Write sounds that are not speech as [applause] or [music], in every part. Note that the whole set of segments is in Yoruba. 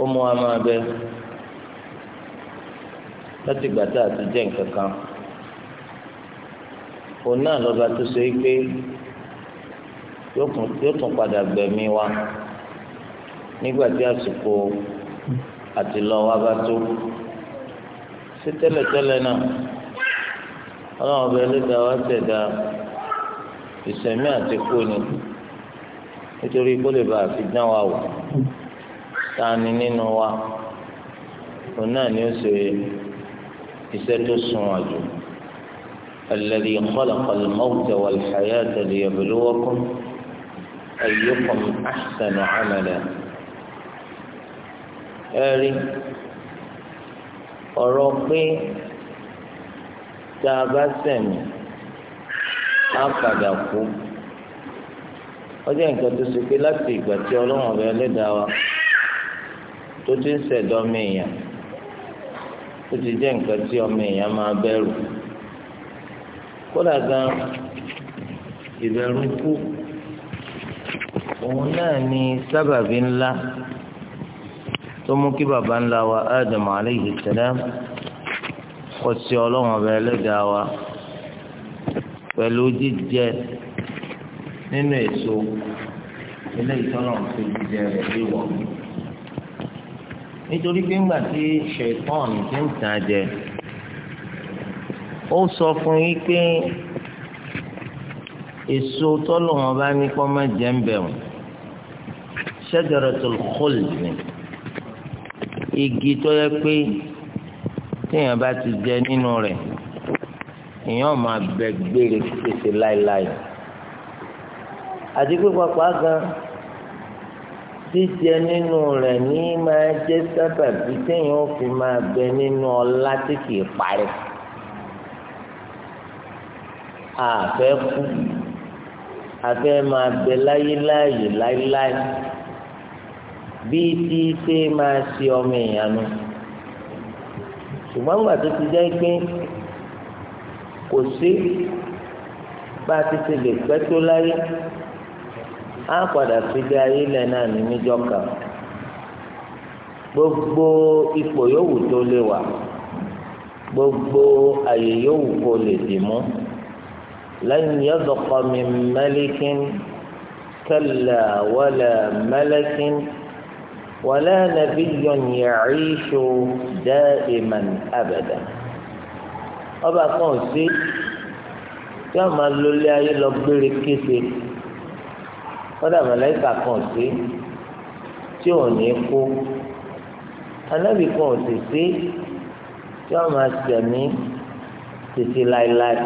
ó mú wa máa bẹ láti gbà tá a ti jẹ́ nǹkan kan òun náà lọ́ba tó ṣe padà wa nígbà tí àsìkò àti lọ wa bá tó sí tẹ́lẹ̀tẹ́lẹ̀ náà ọlọ́run ọba ẹlẹ́dàá wa tẹ̀dá ìsẹ̀mí àti kú ni nítorí kó lè bá dán wa tani nínú wa òun náà ni ó ṣe iṣẹ́ tó sun àjò alladhi khalaqa al-mawta wal-hayata liyabluwakum ayyukum ahsanu amala ẹ̀rí ọ̀rọ̀ pé tá a bá sẹ̀mí á padà kú ọjọ́ nǹkan tó ṣe pé láti ìgbà tí ọlọ́run ọ̀bẹ ẹlẹ́dàá wa tó ti ń ṣẹ̀dọ̀ ọmọ èèyàn tó ti jẹ́ nǹkan tí ọmọ èèyàn máa bẹ̀rù kódà gan ìbẹ̀rù kú òun náà ni sábàbí ńlá tó mú kí baba ńlá wa Adam aleyhi salam kọ sí ọlọ́run ọba ẹlẹ́dàá wa pẹ̀lú jíjẹ nínú èso ilé ìtọ́nà fún jíjẹ rẹ̀ wíwọ̀ mi nítorí pé ńgbà tí ṣètọ́n ti ń tàn jẹ ó sọ fún yín pé èso tọ́lọ̀ wọn bá ní kọ́ má jẹ́ ń bẹ̀ wọ́n shajaratul khuld igi tó yẹ pé téèyàn bá ti jẹ nínú rẹ̀ èèyàn máa bẹ gbére pèsè láéláé àti pé pàápàá gan-an jíjẹ nínú rẹ̀ ní máa jẹ́ sábàbí téèyàn ó fi máa bẹ nínú ọlá tí kì í parí. àfẹ́ kú àfẹ́ máa bẹ láyéláyé láyéláyé bí tí ṣe máa ṣe ọmọ ìyanu ṣùgbọ́n gbà tó ti jẹ́ pé kò sí bá a ti ṣe lè pẹ́ tó láyé á padà fìdí ayé lẹ̀ náà ní níjọ́ kan gbogbo ipò yòówù tó lè wà gbogbo àyè yòówù kó lè dì mú lẹ́yìn yọ̀dọ̀kọ̀ mi mẹ́líkín kẹlẹ̀ wọlé mẹ́líkín wọlé nàbí yọ̀nyẹ̀rìṣù dẹ́ ìmàn abẹ́dà ọba kan sí tí lólé ayé lọ gbére kése kọ́dà mọ̀lẹ́kà kan sí tí ò ní kú anábì kan ò sì sí tí wọ́n máa sẹ̀mí títí láéláé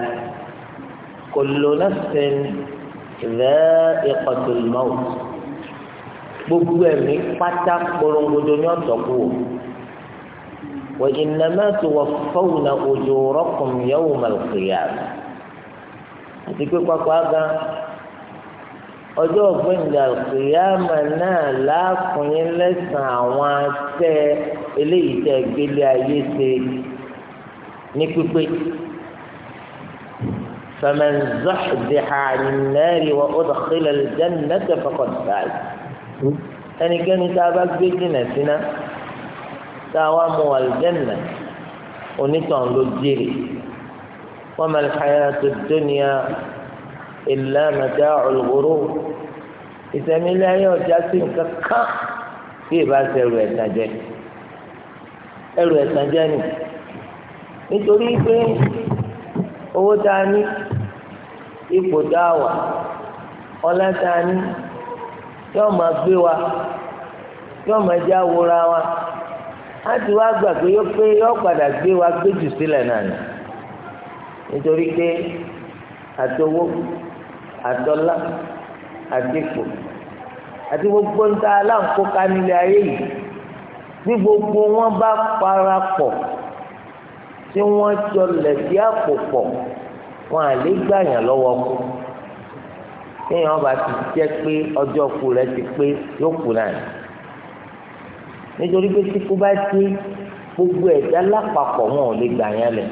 kullu nafsin dha'iqatul maut gbogbo ẹ̀mí pátá polongodo ní ọ̀tọ̀ kú o wa innama tuwaffawna ujurakum yawmal qiyamah àti pé pápá gan ọjọ́ ògbéǹda kìyàmà náà láàkùnrin lẹ́sàn àwọn atẹ́ eléyìí tẹ́ gbélé ayé ṣe ní pípé faman zahziha 'anil nari wa udkhila al-jannata faqad faz ẹnikẹ́ni tá a bá gbé jìnnà síná tá a wá mú àlùjẹ́nà onítàn ló jèrè wa mal hayatu dunya illa mata'ul ghurur ìsẹ̀mí ilé ayé ọjà sí nǹkan kan bí ìbá ṣe ẹrù ẹ̀sán jẹ ẹrù ẹ̀sán jẹ nì nítorí pé owó tá a ní ipò tá a wà ọlá tá a ní yóò máa gbé wa yóò máa já wúra wa á ti wá gbà pé yóò pé yóò padà gbé wa gbé jù sílẹ̀ náà nítorí pé àtọwọ́ àtọ́lá àti ipò àti gbogbo nta aláǹkóka nílé ayé yìí bí gbogbo wọn bá parapọ̀ tí wọ́n jọ lẹ̀dí àpò pọ̀ wọn à lè gbàyàn lọ́wọ́ kú téèyàn bá ti jẹ́ pé ọjọ́ kú rẹ̀ ti pé yóò kú náà nítorí pé tí kú bá ti gbogbo ẹ̀dá lápapọ̀ wọn ò lè gbàyàn lẹ̀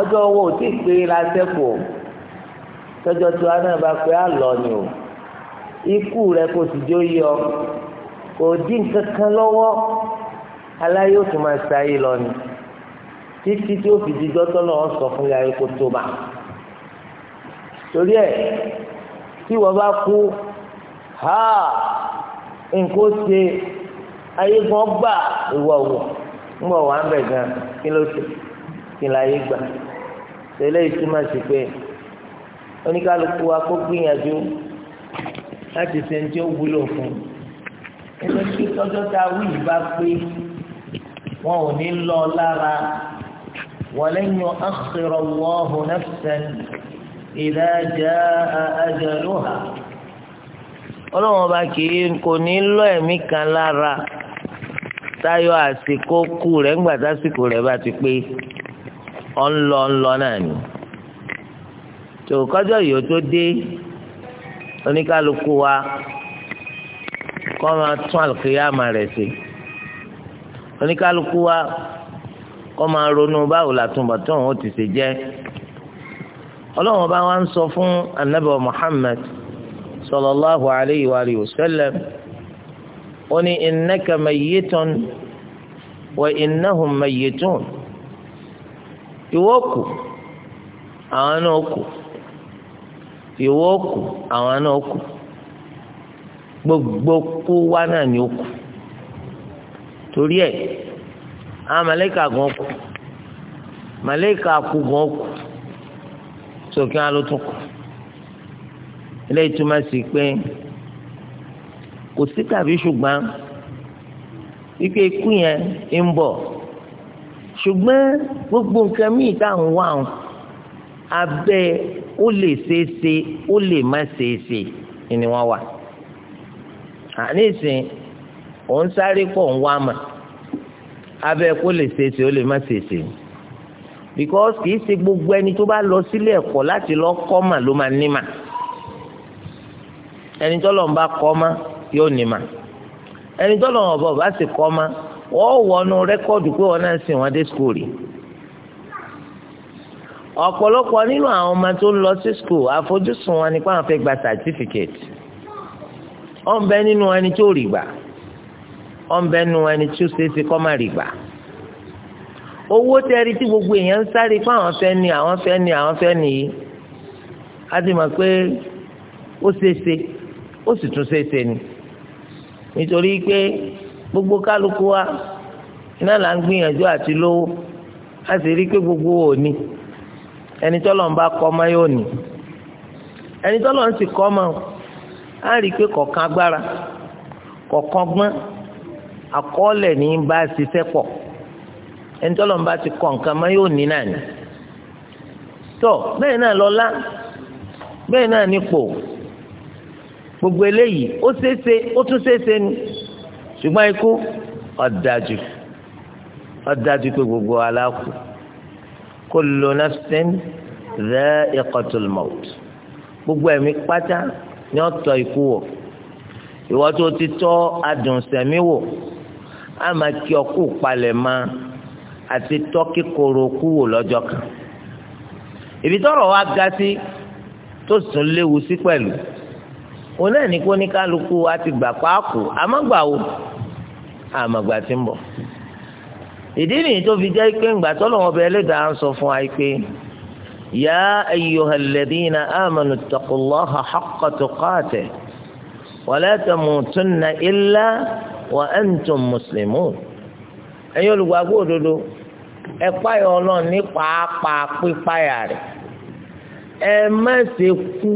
ọjọ́ owó ò tí ì pé lásẹ̀kù o tọ́jọ́ tí wa náà bá pé àlọ́ ni o ikú rẹ kò sì jó yọ kò dín kankan lọ́wọ́ aláyé ó tún máa ṣayé lọ ni títí tí ó fi dídọ́ tọ́lọ́ wọn sọ fún yàrá kó tó bá torí ẹ tí wọ́n bá kú ha nǹkó ṣe ayé gan gbà ìwọ wọ ń bọ̀ wà ń bẹ̀ gan kí ló ṣe kí láyé gbà tẹ́lẹ̀ ìtumọ̀ sí pé oníkálukú wa kó gbìyànjú láti ṣe ní tí ó wúlò fún ẹgbẹ́ tí tọ́jọ́ ta wíì bá pé wọn ò ní lọ lára walan yu'akhkhira Allahu nafsan idha jaa ajaluha ọlọ́wọ́n ọba kì í kò ní lọ ẹ̀mí kan lára táyọ̀ àsìkò kù rẹ̀ ńgbà rẹ̀ bá ti pé ọ̀ náà ni tó kọjọ́ yìí ó tó dé oníkálukú wa kọ́ máa tún àlùkìyàmà rẹ̀ ṣe oníkálukú wa kọ́ máa ronú báwo làtúbọ̀ tóun ó ti ṣe jẹ́ ọlọ́run bá wa ń sọ fún anabi muhammad sallallahu alayhi wa alihi wa ó ní innaka mayyitun wa innahum mayyitun ìwọ kù àwọn náà kù ìwọ òkú àwọn náà òkú gbogbo kú wá náà ní òkú torí ẹ àwọn màlẹ́kà gan òkú màlẹ́kà kú gan òkú sókè alótún kù eléyìí túmọ̀ sí pé kò sí tàbí ṣùgbọ́n ike ikú yẹn ń bọ̀ ṣùgbọ́n gbogbo nǹkan míì táwọn wà ń abẹ́ ó lè ṣeéṣe ó lè má ṣeéṣe ni wọ́n wà àníṣin òun sáré pọ̀ ń wá mà abẹ́ kó lè ṣeéṣe ó lè má ṣeéṣe because kì í ṣe gbogbo ẹni tó bá lọ sílé ẹ̀kọ́ láti lọ kọ́ mà ló máa ní mà ẹni tọ́lọ̀ ń bá kọ́ mà yóò ní mà ẹni tọ́lọ̀ ń bá ọba sì kọ́ mà wọ́n wọnú rẹ́kọ́ọ̀dù pé wọ́n náà sìn wọ́n dé skul ọ̀pọ̀lọpọ̀ nínú àwọn ọmọ tó lọ sí school àfojúsùn wọn ni pé àwọn fẹ́ gba certificate ọ̀nbẹ nínú ẹni tó rí gbà ọ̀nbẹ nínú ẹni tó ṣeéṣe kọ́ má rí gbà owó tẹ́rí tí gbogbo èèyàn ń sáré fún àwọn fẹ́ ni àwọn fẹ́ ni àwọn fẹ́ nìyí á ti mọ̀ pé ó ṣeéṣe ó sì tún ṣeéṣe ni nítorí pé gbogbo kálukú wa iná là ń gbìyànjú àti lówó a rí pé gbogbo òní ẹni tọ́lọ̀ ń bá kọ́ ọmọ yóò ní ẹni tọ́lọ̀ ń sì kọ́ ọmọ á rí i pé kọ̀ọ̀kan agbára kọ̀ọ̀kan gbọ́n àkọọ́lẹ̀ ní bá a ṣiṣẹ́ pọ̀ ẹni tọ́lọ̀ ń bá ti kọ́ nǹkan ọmọ yóò ní náà ni tọ́ bẹ́ẹ̀ náà lọ́lá bẹ́ẹ̀ náà nípò gbogbo eléyìí ó ṣeéṣe ó tún ṣeéṣe ni ṣùgbọ́n ikú ọ̀dájú ọ̀dájú pé gbogbo aláàkú kullu nafsin dha'iqatul maut gbogbo ẹ̀mí pátá ni ó tọ́ ikú wò ìwọ tó ti tọ́ adùn sẹ̀mí wò á máa kí ọkú palẹ̀ máa àti tọ́ kíkorò kú wò lọ́jọ́ kan ibi tọ́rọ̀ wa ga sí tó sùn léwu sí pẹ̀lú òun náà ní kó ní kálukú wa ti gbà pàákù gbà wo àmọ́ gbà ti ń bọ̀ ìdí nìyí tó fi jẹ́ pé ńgbà tọ́lọ́wọ́n bẹ ẹlẹ́dàá ń sọ fún wa pé yá ayyuhal ladhina amanu ittaqullaha haqqa tuqatih wa la tamutunna illa wa antum muslimun ẹ̀yin olùgbàgbọ́ òdodo ẹ páyà ọlọ́run ní pàápàá pípáyà rẹ̀ ẹ má ṣe kú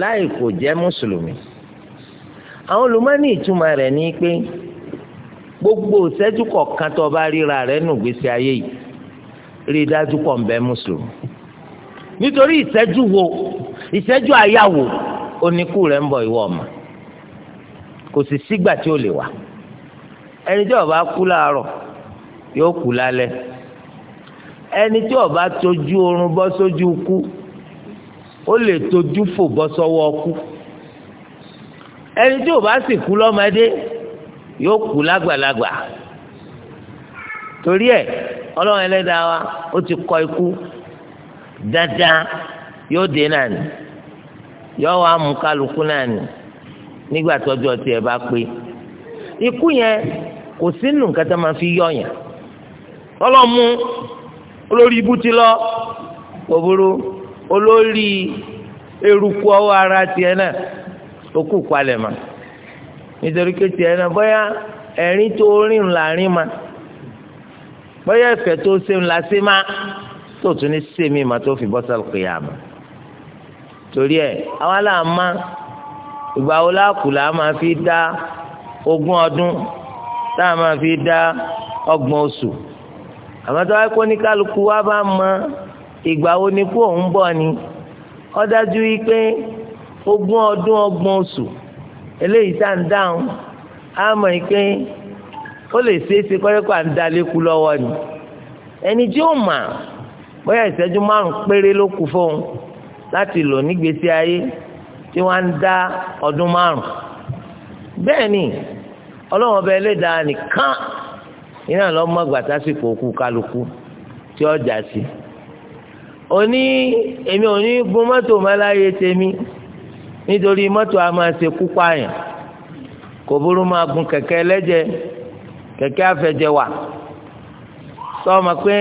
láì kò jẹ́ mùsùlùmí àwọn olùmọ́ni ìtumọ̀ rẹ̀ ní pé gbogbo ìṣẹ́jú kọ̀ọ̀kan tó bá ríra rẹ̀ nù gbèsè ayé yìí rí i dájú pọ̀ ń bẹ mùsùlùmí nítorí ìṣẹ́jú wo ìṣẹ́jú àyà wo oníkú rẹ̀ ń bọ̀ ìwọ ọ̀mà kò sì sígbà tí ó lè wà ẹni tí ó bá kú láàárọ̀ yóò kú lálẹ́ ẹni tí ó tójú oorun bọ́ sójú kú ó lè tójú fò bọ́ sọ́wọ́ kú ẹni tí ó sì kú lọ́mọdé. yóò kú lágbàlagbà torí ẹ ọlọ́run ẹlẹ́dàá wa ó ti kọ ikú dáadáa yóò dé náà ni yóò wá mú kálukú náà ni nígbà tọ́jú ọtí ẹ bá pé ikú yẹn kò sí nǹkan tó máa fi yọ̀yàn ọlọ́mú olórí ibú ti lọ òbúrú olórí eruku ọwọ́ ara tiẹ̀ náà ó kú palẹ̀ mọ́. nítorí pé tiẹ̀ náà bóyá ẹ̀rín tó rìn láàrin ma bóyá ẹ̀fẹ̀ tó ṣe ń la ṣe má tó tún ní sèmi mà tó fi bọ́sà kìyàmù torí ẹ̀ àwa là má ìgbà wo láàkù là máa fi dá ogún ọdún tá a máa fi dá ọgbọ̀n oṣù àmọ́ tó wáyé kó ní kálukú wa bá mọ ìgbà wo ni kó òun bọ̀ ni ó dájú yìí pé ogún ọdún ọgbọ̀n oṣù eléyìí tá à ń dáhùn á mọ̀ yìí pé ó lè ṣeé ṣe kọ́lẹ́kọ́ à ń dalé kú lọ́wọ́ ni ẹni tí ó mà bóyá ìṣẹ́jú márùn péré ló kù fóun láti lò nígbèésí ayé tí wọ́n á ń dá ọdún márùn bẹ́ẹ̀ ni ọlọ́wọ́n ọba ẹlẹ́dàá nìkan iná lọ mọ gbàtàsíkò òkú kálukú tí ọjà sí òní èmi ò ní gun mọ́tò mọ́láyé tèmi nítorí mọ́tò a máa ṣe kú pààyàn kò burú máa gun kẹ̀kẹ́ ẹlẹ́jẹ̀ kẹ̀kẹ́ afẹ́jẹ̀wà sọ ma pé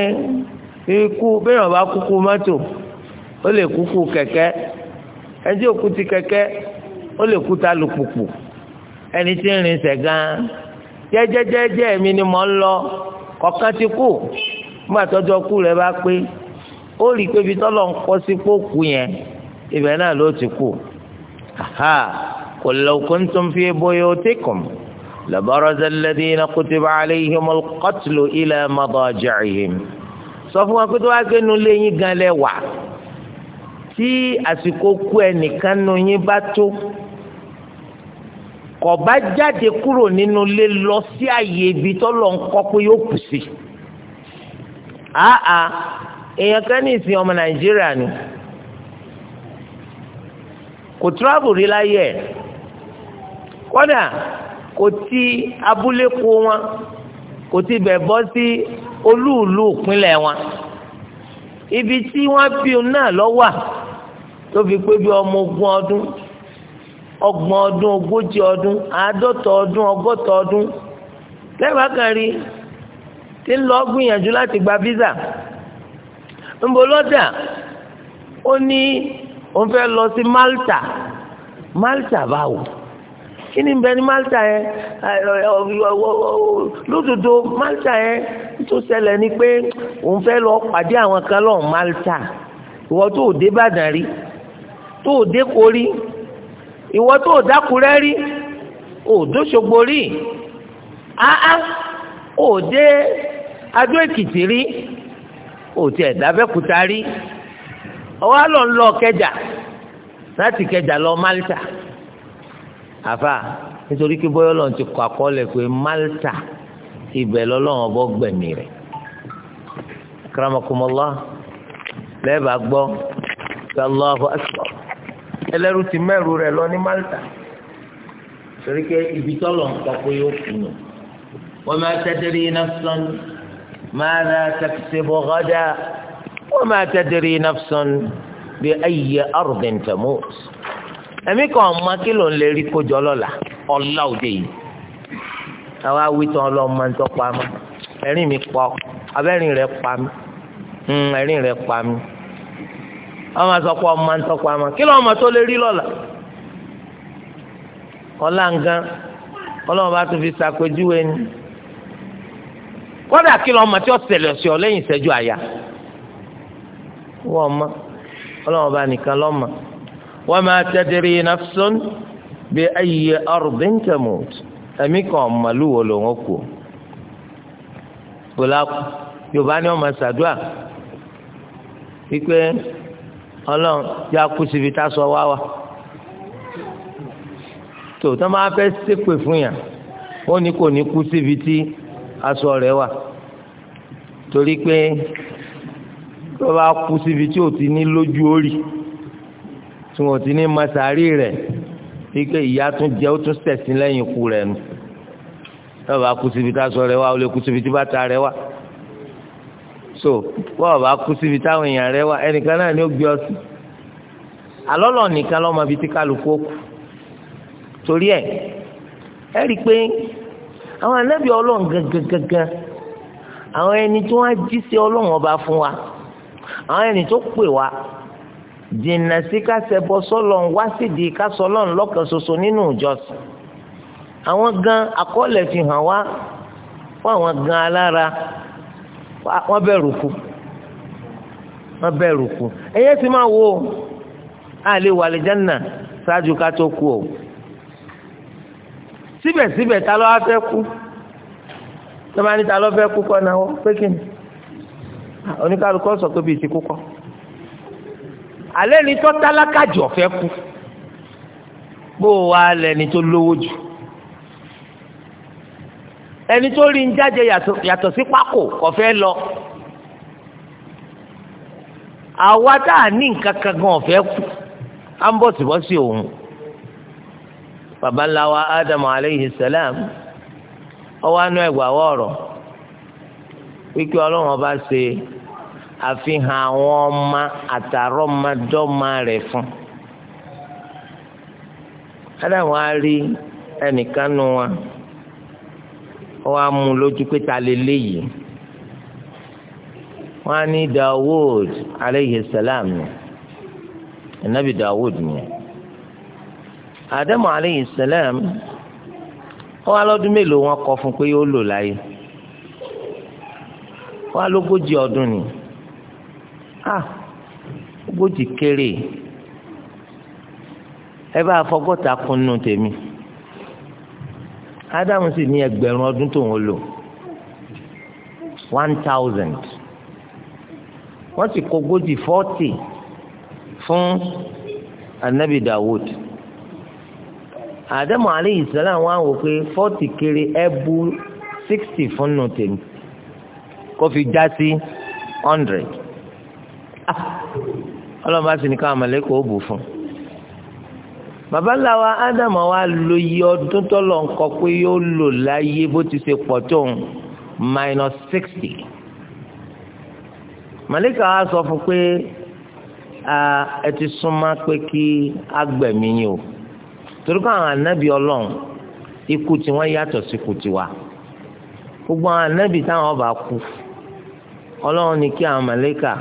ikú béèyàn bá kúkú mọ́tò ó lè kúkú kẹ̀kẹ́ ẹni tí ó kú ti kẹ̀kẹ́ ó lè kú ta lùpùpù ẹni tí ń rin sẹ̀ gan-an jẹ́jẹ́jẹ́jẹ́ mi ni mò ń lọ kọ̀ọ̀kan ti kú nígbà tọ́jọ́ kú rẹ̀ bá pé ó rí i pé ibi tọ́lọ̀ ń kọ́ sí pé ó kú yẹn ibẹ̀ náà ló ti kú. قل لو كنتم في بيوتكم لبرز الذين كتب عليهم القتل إلى مضاجعهم sọ fún wa pé tó wá pé nu lé yín gan lẹ wà tí àsìkò kú ẹnìkan nu yín bá tó kò bá jáde kúrò nínú ilé lọ sí àyè ibi tọ́lọ̀ ń kọ́ pé yóò kù sí àà èèyàn kan ní ìsìn ọmọ Nàìjíríà ni. Ah, ah kò tíráàbù rí láyé ẹ̀ kódà kò ti abúlé kó wọn kò ti bẹ̀ bọ́ sí olúùlú ìpínlẹ̀ wọn ibi tí wọ́n bí un náà lọ wà tó fi pé bí ọmọ ogún ọdún ọgbọ̀n ọdún ogójì ọdún àádọ́ta ọdún ọgọ́ta ọdún lẹ́gbàá kan rí tí ń lọ gbìyànjú láti gba visa ń bo lọ́dà ó ní òun fẹ́ lọ sí Malta Malta báwo kí ni bẹ ní Malta yẹn lódodo Malta yẹn tó ṣẹlẹ̀ ni pé òun fẹ́ lọ pàdé àwọn kan lọ Malta ìwọ tó dé Ìbàdàn rí tó dé Kórí ìwọ tó dákúrẹ́ rí òdòṣogbo rí áá òde Adó Èkìtì rí òtí ẹ̀dábẹ́kúta rí ọwọ́ àlọ́ ń lọ kẹjà láti kẹjà lọ Malta àfà nítorí kí bóyá ọlọ́run ti kọ àkọọ́lẹ̀ pé Malta ibẹ̀ lọ́lọ́run ọbọ̀ gbẹ̀mí rẹ̀ karamakumọ́lá lẹ́ẹ̀bà gbọ́ Allahu Akbar ẹlẹ́rú ti mẹ́rù rẹ̀ lọ ní Malta torí pé ibi tọ́lọ̀ ń kọ pé ó kùnà wọ́n máa tẹ́tẹ́rì náà sọ́n máa ra tẹ́tẹ́ bọ́ gọ́dá wa ma tadri nafsun bi ayyi ardin tamut ẹ̀mí kan ọmọ kí ló ń lè rí kójọ lọ́la ọ̀la òde yìí àwa wítan ọlọ́mọ ń tọ́ pa mọ́ ẹ̀rín mi pọ̀ abẹ́rìn rẹ̀ pa mí hmm, ẹ̀rín rẹ̀ pa mí wọ́n máa sọ pé ọmọ ń tọ́ pa mọ́ kí lọ́mọ tó lè rí lọ́la ọ̀la nǹkan ọlọ́mọ bá tún fi ṣàpèjúwe ni kódà kí lọ́mọ tí ó ṣẹlẹ̀ sí lẹ́yìn ìṣẹ́jú àyà wọ́n ma ọlọ́wọ́n bá nìkan lọ́mọ. wa ma tadri nafsun bi ayyi ardin tamut ẹ̀mí kan màlúù wò ló ń kú. wòlá yorùbá ni wọ́n máa ṣàdúrà wípé ọlọ́run yà kú síbi tá a sọ wá wa. tó tó máa fẹ́ ṣépè fún yàn ó ní kò ní kú síbi tí aṣọ rẹ̀ wà torí pé tó bá kú síbi tí ò ti ní lójú orí tí wọn ò ti ní masari rẹ̀ ike ìyá tún jẹ́ ó tún sẹ̀sí lẹ́yìn ikú rẹ̀ nu tó bá kú síbi tásọ rẹ̀ wá ó lè kú síbi tí bàtà rẹ̀ wá so bọ́ọ̀ bá kú síbi táwọn èèyàn rẹ̀ wá ẹnìkan náà ni ó gbé ọ sí alọ́lọ́ nìkan lọ́mọ bíi tí kálukú ó kù torí ẹ̀ ẹ rí i pé àwọn anábìá ọlọ́run gangan gangan àwọn ẹni tí wọ́n á jí sí ọlọ́run ọba fún wa àwọn ẹni tó pè wá jìnnà sí kásẹ̀bọ sọ́lọ̀ ń wá sídìí kásọ̀lọ́ ń lọ́kàn ṣoṣo nínú ìjọsìn àwọn gan akọ́lẹ̀ fi hàn wá fún àwọn gan alára wọ́n bẹ̀rù kú wọ́n bẹ̀rù kú ẹ̀yẹ́ sì máa wo àlè wà jẹ́nà ṣáájú ká tó kú o síbẹ̀síbẹ̀ ta ló wá fẹ́ kú tọ́ba ní ta ló fẹ́ kú kọ́ náà wọ́n pé kí ni. oníkálukọ́ sọ pé bíi ti kú kọ́ alẹ́ ni tó tálákà jù ọ̀fẹ́ kú bó o wá lẹni tó lówó jù ẹni tó rí ń jáde yàtọ̀ sí pákó ọ̀fẹ́ lọ àwa tá a ní nǹkan gan ọ̀fẹ́ kú à ń bọ̀ síbọ̀ sí òun baba ńlá aleyhi salam ọwọ́ anú ẹ̀gbà wọ̀ọ̀rọ̀. wípé ọlọ́run ọba ṣe àfihàn àwọn ọmọ àtàrọ́mọdọ́mọ rẹ̀ fún. Ádámù á rí ẹnìkan nu wa ó wá mú un lójú pé ta lè léyìí wọ́n á ní Dawud aleyhi salam ni anabi Dawud ni Ádámù aleyhi salam ó wá lọ́dún mélòó wọn kọ fún pé yóò lò láyé wọn á lógójì ọdún ni ah ogójì kéré ẹ bá fọgọ́ta kunu tèmi ádámù sì ní ẹgbẹ̀rún ọdún tó ń lò one thousand wọ́n sì kó ogójì forty fún anabi dawud ádámù aleyhi sàlám wọn á wò pé forty kéré ẹ bu sixty fún nù tèmi kó fi já sí hundred ah, ọlọ́run bá sì ní káwọn mọ̀lẹ́kọ̀ ó bù fún un bàbá wa ádámù wa lo iye ọdún tó lọ nǹkan pé yóò lò láyé bó ti ṣe pọ̀ tó ń minus sixty màlíkà wa sọ fún pé ẹ ti súnmọ́ pé kí agbẹ̀mí yín o torí kó àwọn ànábì ọlọ́run ikú tiwọn yàtọ̀ sí ikú tiwa gbogbo àwọn ànábì táwọn ọba kú ọlọ́run ní kí àwọn màlẹ́kà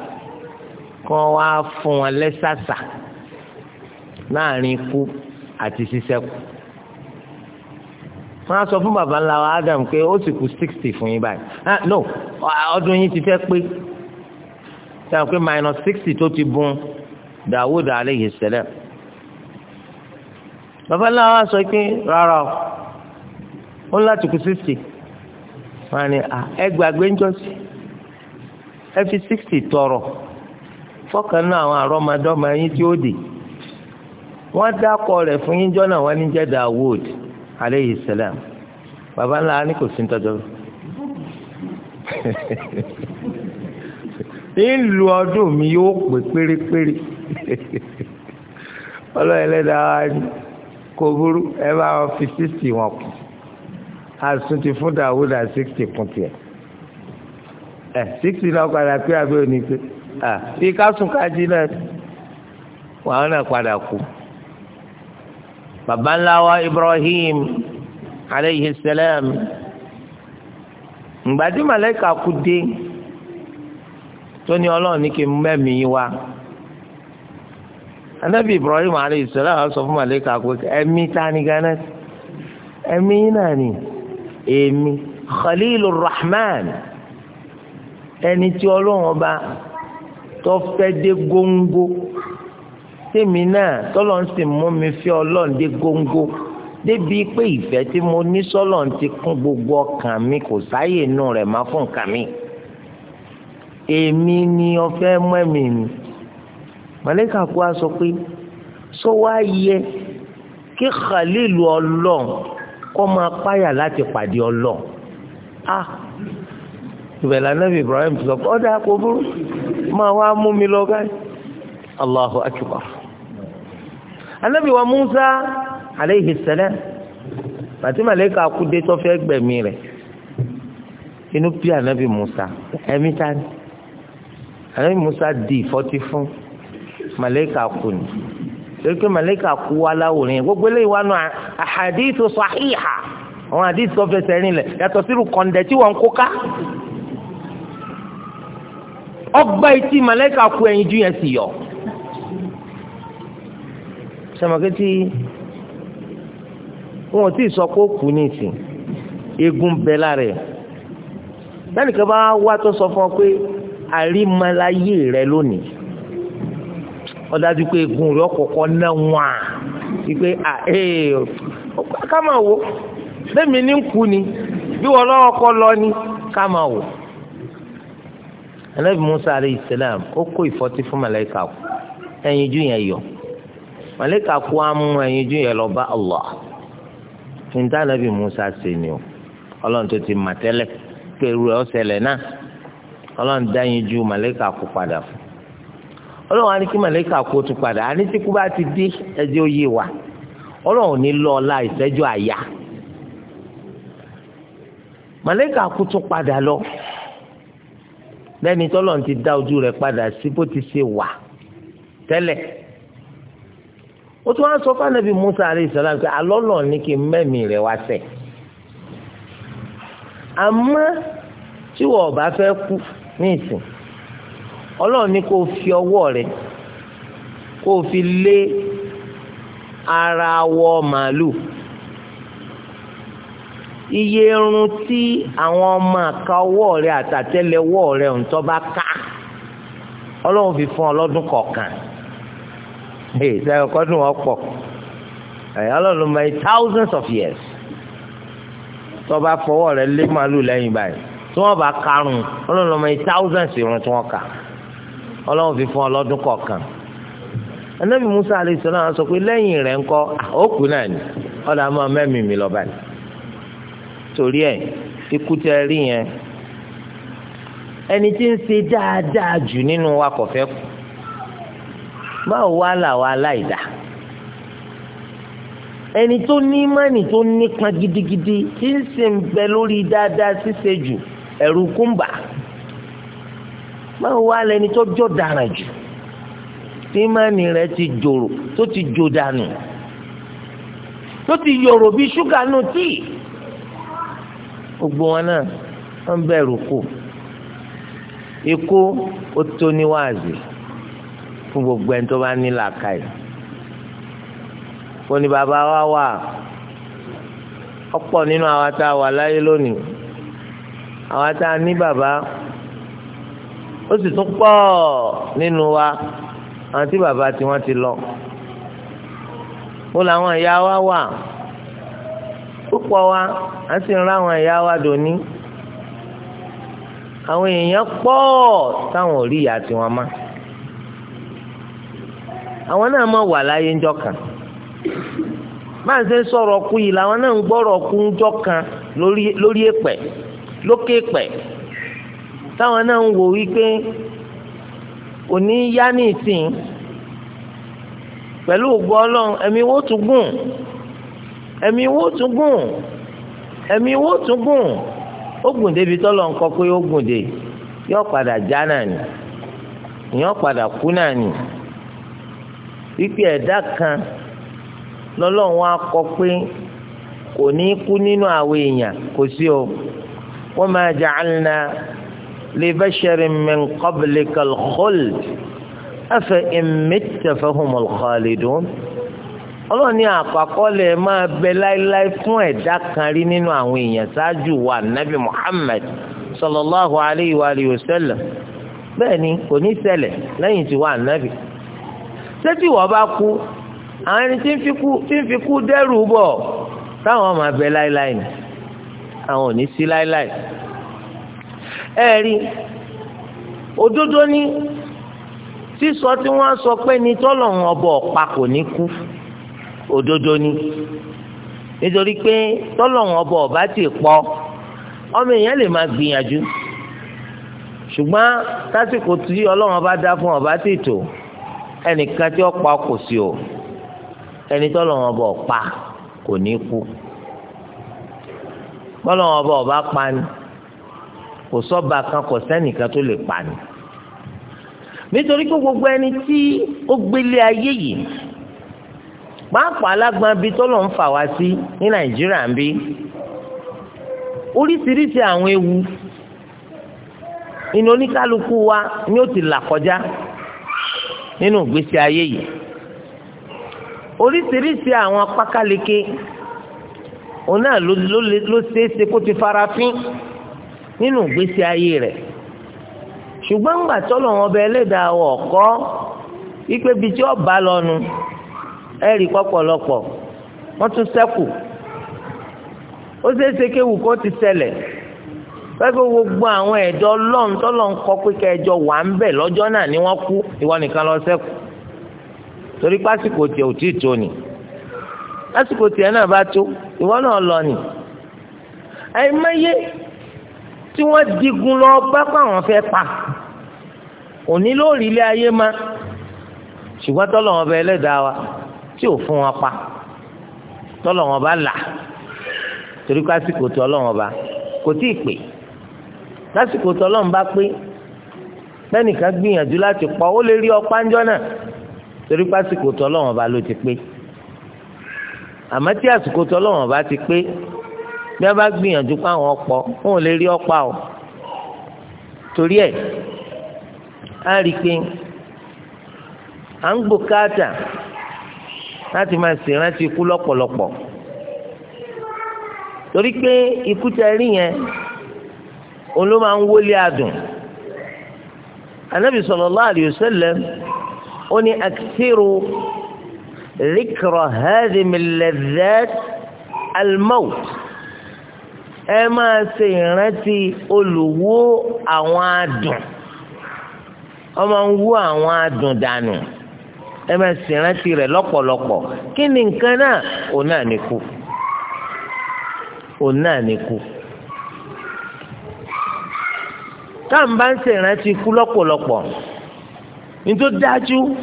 kọ́ wá fún wọn lẹ́sàsà láàrin ikú àti ṣíṣẹ́kù wọ́n á sọ fún baba ńlá wa Adam pé ó sì kú sixty fún yín báyìí ah, no ọdún yín ti fẹ́ pé sáà pé minus sixty tó ti bùn Dawud aleyhi sẹlẹm baba ńlá wa sọ pé rárá o ó láti kú sixty wọ́n á ní ah, ẹgbàgbé ń jọ sí i ẹ fi sixty tọrọ fọkàn náà àwọn àrọmọdọ́mọ yín tí ó dì wọ́n dákọ rẹ̀ fún yín jọ́nà wọn ní jẹ́ wood, aleyhi salam baba ńlá ni kò sí ń tọ́jọ́ ìlú ọdún mi yóò pè pérépéré ọlọ́ọ̀lẹ́dàá wa ni kò burú ẹ bá wọn fi sixty wọn kù àsùn ti fún Dawud sixty kùn tiẹ̀ ẹ̀ sixty náà padà pé àbí òní pé ah bí ká sùn ká jí náà wàá náà padà kú. bàbá ńlá wa Ibrahim aleyhi salam ǹgbàdí màlẹ́kà kú dé tó ní ọlọ́run ní kí n mẹ́mìí wá anabi ibrahim alayhi salam sọ fún malayika pé ẹ̀mí tani gánà ẹ̀mí náà ni èmi khalilu rahman ẹni tí ọlọ́run ọba tó fẹ́ dé góńgó tèmi náà tọ́lọ́ ń sì mú mi fi ọlọ́run dé góńgó débi pé ìfẹ́ tí mo ní sọ́lọ̀ ń ti kún gbogbo ọkàn mi kò sáyè inú rẹ̀ má fún nǹkan mi èmi ni ọfẹ́ mọ́ ẹ̀mí mi màlẹ́kà kú á sọ pé sọ wá yẹ kí khalilu ọlọ́run kọ́ máa páyà láti pàdé ọlọ́run ah ìbẹ̀lẹ̀ anábì ibrahim sọ pé ọ̀dà kò burú máa wá mú mi lọ gáì allahu akbar anábì wa musa aleyhi sẹlẹ pàtí màlẹ́kà kúdé tó gbẹ̀mí rẹ̀ inú bí anábì musa ẹ̀mí ta anábì musa di ìfọ́tí fún màlẹ́kà kù ni lórí màlẹ́kà kú wa láwòrán gbogbo eléyìí wà nù sahiha àwọn àdìsí tó fẹsẹ̀ rìn lẹ̀ yàtọ̀ sírù kọ̀ǹdẹ̀ ọgbà etí màlẹ́kà kú ẹyin ju yẹn sì yọ. sọmọkẹ́tì wọn ò tí ì sọ pé ó kú ní ìsìn egun bẹ lára ẹ̀ lẹ́nìkan bá wá tó sọ fún ọ pé àrímalayé rẹ lónìí ó dájú pé egun rẹ ọkọ̀ọ̀kọ̀ náà wà wípé eh, ká máa wò bẹ́ẹ̀ mi ní kú ni bí wọ́n lọ́wọ́ kọ́ lọ ni ká máa wò. anabi musa aleyhi salam ó kó ìfọ́tí fún malayika kú ẹyinjú yẹn yọ malayika kú á mú ẹyinjú yẹn lọ bá musa ṣe ni o ọlọ́run tó ti mà tẹ́lẹ̀ kéru náà ọlọ́run dá ju malayika padà fún ọlọ́run á kí malayika kú tún padà á kú bá ti dé ó yé wa lọ. lẹ́ni tọ́lọ̀ ti dá ojú rẹ̀ padà sí bó ti ṣe wà tẹ́lẹ̀ ó tún wá sọ fánàbí Musa alayhi salam pé alọ́lọ́ ní kí mẹ́mí rẹ̀ wá sẹ̀ àmọ́ tí wọ́n bá fẹ́ kú ní ìsìn ọlọ́run ní kó fi ọwọ́ rẹ̀ kó fi lé ara wọ màálù iye irun tí àwọn ọmọ àka ọwọ́ rẹ àtàtẹ́lẹ̀ ọwọ́ rẹ ńtọ́ bá ká ọlọ́run fi fún ọ kọ̀ọ̀kan ee sẹ́yìn ọkọ́dún wọn pọ̀ ọlọ́run mọ thousands of years tó bá fọwọ́ rẹ lé màálù lẹ́yìn báyìí tí wọ́n bá karùn-ún ọlọ́run mọ thousands irun tí wọ́n kà ọlọ́run fi fún ọ kọ̀ọ̀kan anabi musa alayhi salaam sọ pé lẹ́yìn rẹ̀ ńkọ́ òkú náà ni ọ̀dà máa mẹ́mìí mi lọ báyìí torí ẹ̀ ikú tẹ rí yẹn ẹni tí ń ṣe dáadáa jù nínú wa kò fẹ́ kú báwo wá là wá láìdá ẹni tó ní mọ́nì tó nípọn gidigidi tí ń ṣe ń bẹ lórí dáadáa ṣíṣe jù ẹ̀rù kúńbà báwo wá lẹni tó jọ dàrán jù tí mọ́nì rẹ̀ ti jòrò tó ti jò dànù tó ti yòrò bí ṣúgà nù tíì gbogbo wọn náà wọn bẹ̀rù kù ikú ó tó níwáàzì fún gbogbo ẹni tó bá ní làákàyè òní bàbá wa wà ọ̀pọ̀ nínú àwa tá a wà láyé lónìí àwa tá a ní bàbá ó sì tún pọ̀ nínú wa àwọn tí bàbá tiwọn ti lọ ó làwọn ìyá wa wà. Wa púpọ̀ wa a sì ń ra àwọn ìyá wa dòní àwọn èèyàn pọ̀ táwọn ò rí ìyá tiwọn má àwọn náà mọ̀ wà láyé ńjọ́ kan máa ń ṣe sọ̀rọ̀ kú yìí làwọn náà ń gbọ́rọ̀ ńjọ́ kan lórí èpẹ̀ lókè èpẹ̀ táwọn náà ń wò wípé òní yá ní ìsìn pẹ̀lú ògbọ́ ọlọ́run ẹ̀mí tún gùn. ẹ̀mí wo tún gùn ẹ̀mí wo tún gùn ó gùn débi tọ́lọ̀ ń kọ́ pé ó gùn dé yọ padà já náà ni ìyàn padà kú náà ni wípé ẹ̀dá kan lọ́lọ́run á kọ pé kò ní kú nínú àwọn èèyàn kò sí o wa ma ja'alna li basharin min qablikal khuld afa in mitta ọlọ́run ní àpàkọ́lẹ̀ máa bẹ láéláé fún ẹ̀dá kan rí nínú àwọn èèyàn ṣáájú wa nabi muhammad sallallahu alayhi wa alihi wa sallam bẹ́ẹ̀ ni kò ní ṣẹlẹ̀ lẹ́yìn tí wà nabi sẹ́tì wọ́n bá kú àwọn ẹni tí ń fi kú dẹ́rù bọ̀ táwọn máa bẹ láéláé ni àwọn ò ní sí láéláé ẹ rí òdodo ní sísọ tí wọ́n sọ pé ní tọ́lọ̀ ọbọ̀ ọ̀pá kò ní kú òdodo ni nítorí pé tọ́lọ́run ọba ọba ti pọ̀ ọmọ èèyàn lè máa gbìyànjú ṣùgbọ́n tásìkò tí ọlọ́run ọba dá fún ọba ti tò ẹnìkan tí ó pa kò sí o ẹni tọ́lọ́run ọba ọ̀pa kò ní kú bọ́lọ́run ọba ọba pa ni kò sọ́ba kan kò sẹ́nìkan tó lè pa ni nítorí pé gbogbo ẹni tí ó gbélé ayé yìí pàápàá alágbọn bíi ń fà wá sí ní nàìjíríà ń bí oríṣiríṣi àwọn ewu inú oníkálukú wa ni ó ti là kọjá nínú ìgbésí ayé yìí oríṣiríṣi àwọn pákáleke òun náà ló ṣeéṣe kó ti farafín nínú ìgbésí ayé rẹ̀ ṣùgbọ́n ńgbà tọ́lọ̀ wọn bẹ ẹlẹ́dàá ọ̀kọ́ wípé tí ọba lọ́nu ẹ̀rí pọ̀pọ̀lọpọ̀ wọ́n tún sẹ́kù ó ṣeé ṣe ti ṣẹlẹ̀ gbogbo àwọn ẹ̀dọ́ lọ́n tọ́lọ́ kọ́ pé wà ń bẹ̀ lọ́jọ́ náà ni wọ́n kú ìwọ lọ sẹ́kù torí pásìkò tiẹ̀ ò tí ì tó ni pásìkò tiẹ̀ náà bá tó ìwọ náà lọ ni àìmọye tí digun lọ bá pàwọn fẹ́ pa òní lórí ma ṣùgbọ́n ẹlẹ́dàá wa. tí ò fún wọn pa tọ́lọ̀ wọn bá là torí pé àsìkò tó ọlọ́wọ́n bá kò tí ì pè lásìkò tó ọlọ́wọ́n bá pé lẹ́nìkan gbìyànjú láti pọ̀ ó lè rí ọpá ńjọ́ náà torí pé àsìkò tó ọlọ́wọ́n bá ló ti pé àmọ́ tí àsìkò tó ọlọ́wọ́n bá ti pé bí wọ́n bá gbìyànjú pé àwọn ọ̀pọ̀ wọn ò lè rí ọpá o torí ẹ̀ á rí i pé à ń gbòkáàtà láti máa ṣèrántí ikú lọ́pọ̀lọpọ̀ torí pé ikú tẹ rí yẹn òun ló máa ń wọlé adùn anabi sallallahu alayhi wa sallam ó ní akthiru dhikra hadhihi al-ladhat al-maut ẹ máa ṣe ìrántí olùwó àwọn adùn ọmọ ń wú àwọn adùn dànù. ẹ máa sì rántí kí ni nǹkan náà òun náà ní kú òun náà ní kú bá ń ṣèrántí kú lọpọlọpọ nítorí dájú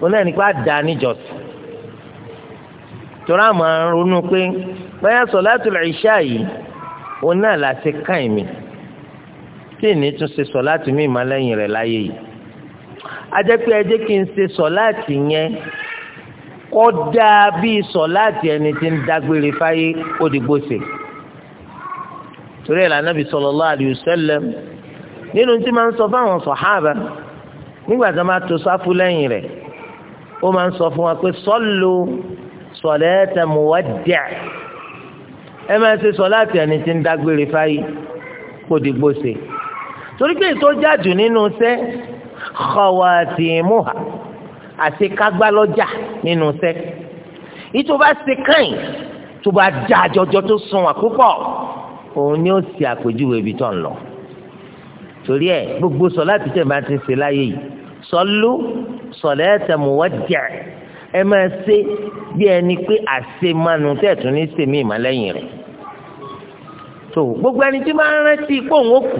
òun náà nípa dá níjọsìn torí àmọ́ ronú pé báyà sọ̀látùl ìṣá yìí òun náà là ṣe káìmì tí tún ṣe mí ajẹ́pẹ́ ẹ jẹ́ kí n ṣe sọ̀láàtì yẹn kọ́ dáa bíi sọ̀láàtì ẹni tí ń dágbére fáyé ó di torí ẹ̀ lànà bí sallallahu alayhi sallam nínú tí máa ń sọ fáwọn sọ̀háàbà nígbà tí wọ́n máa tó sáfù lẹ́yìn rẹ̀ ó máa ń sọ fún wa pé sallu salata muwaddi' ẹ máa ṣe sọ̀láàtì ẹni tí ń dágbére fáyé kó di torí pé ètò jáde nínú sẹ́ẹ́ khawatimuha àṣekágbálọ́jà nínú sẹ́ ìtura ṣe káyìn tó bá dá àjọjọ tó sun wà púpọ̀ òun ni ó ti àpèjúwe ibi tó ń lọ torí ẹ gbogbo sọ láti tẹ̀ máa ti ṣe láyé yìí sọlú salata muwaddi' ẹ máa ṣe bí ẹni pé àṣemánu tẹ̀tún ní sèmi ìmọ̀lẹ́yìn rẹ̀ tó gbogbo ẹni tí máa ń rántí pé òun ó kù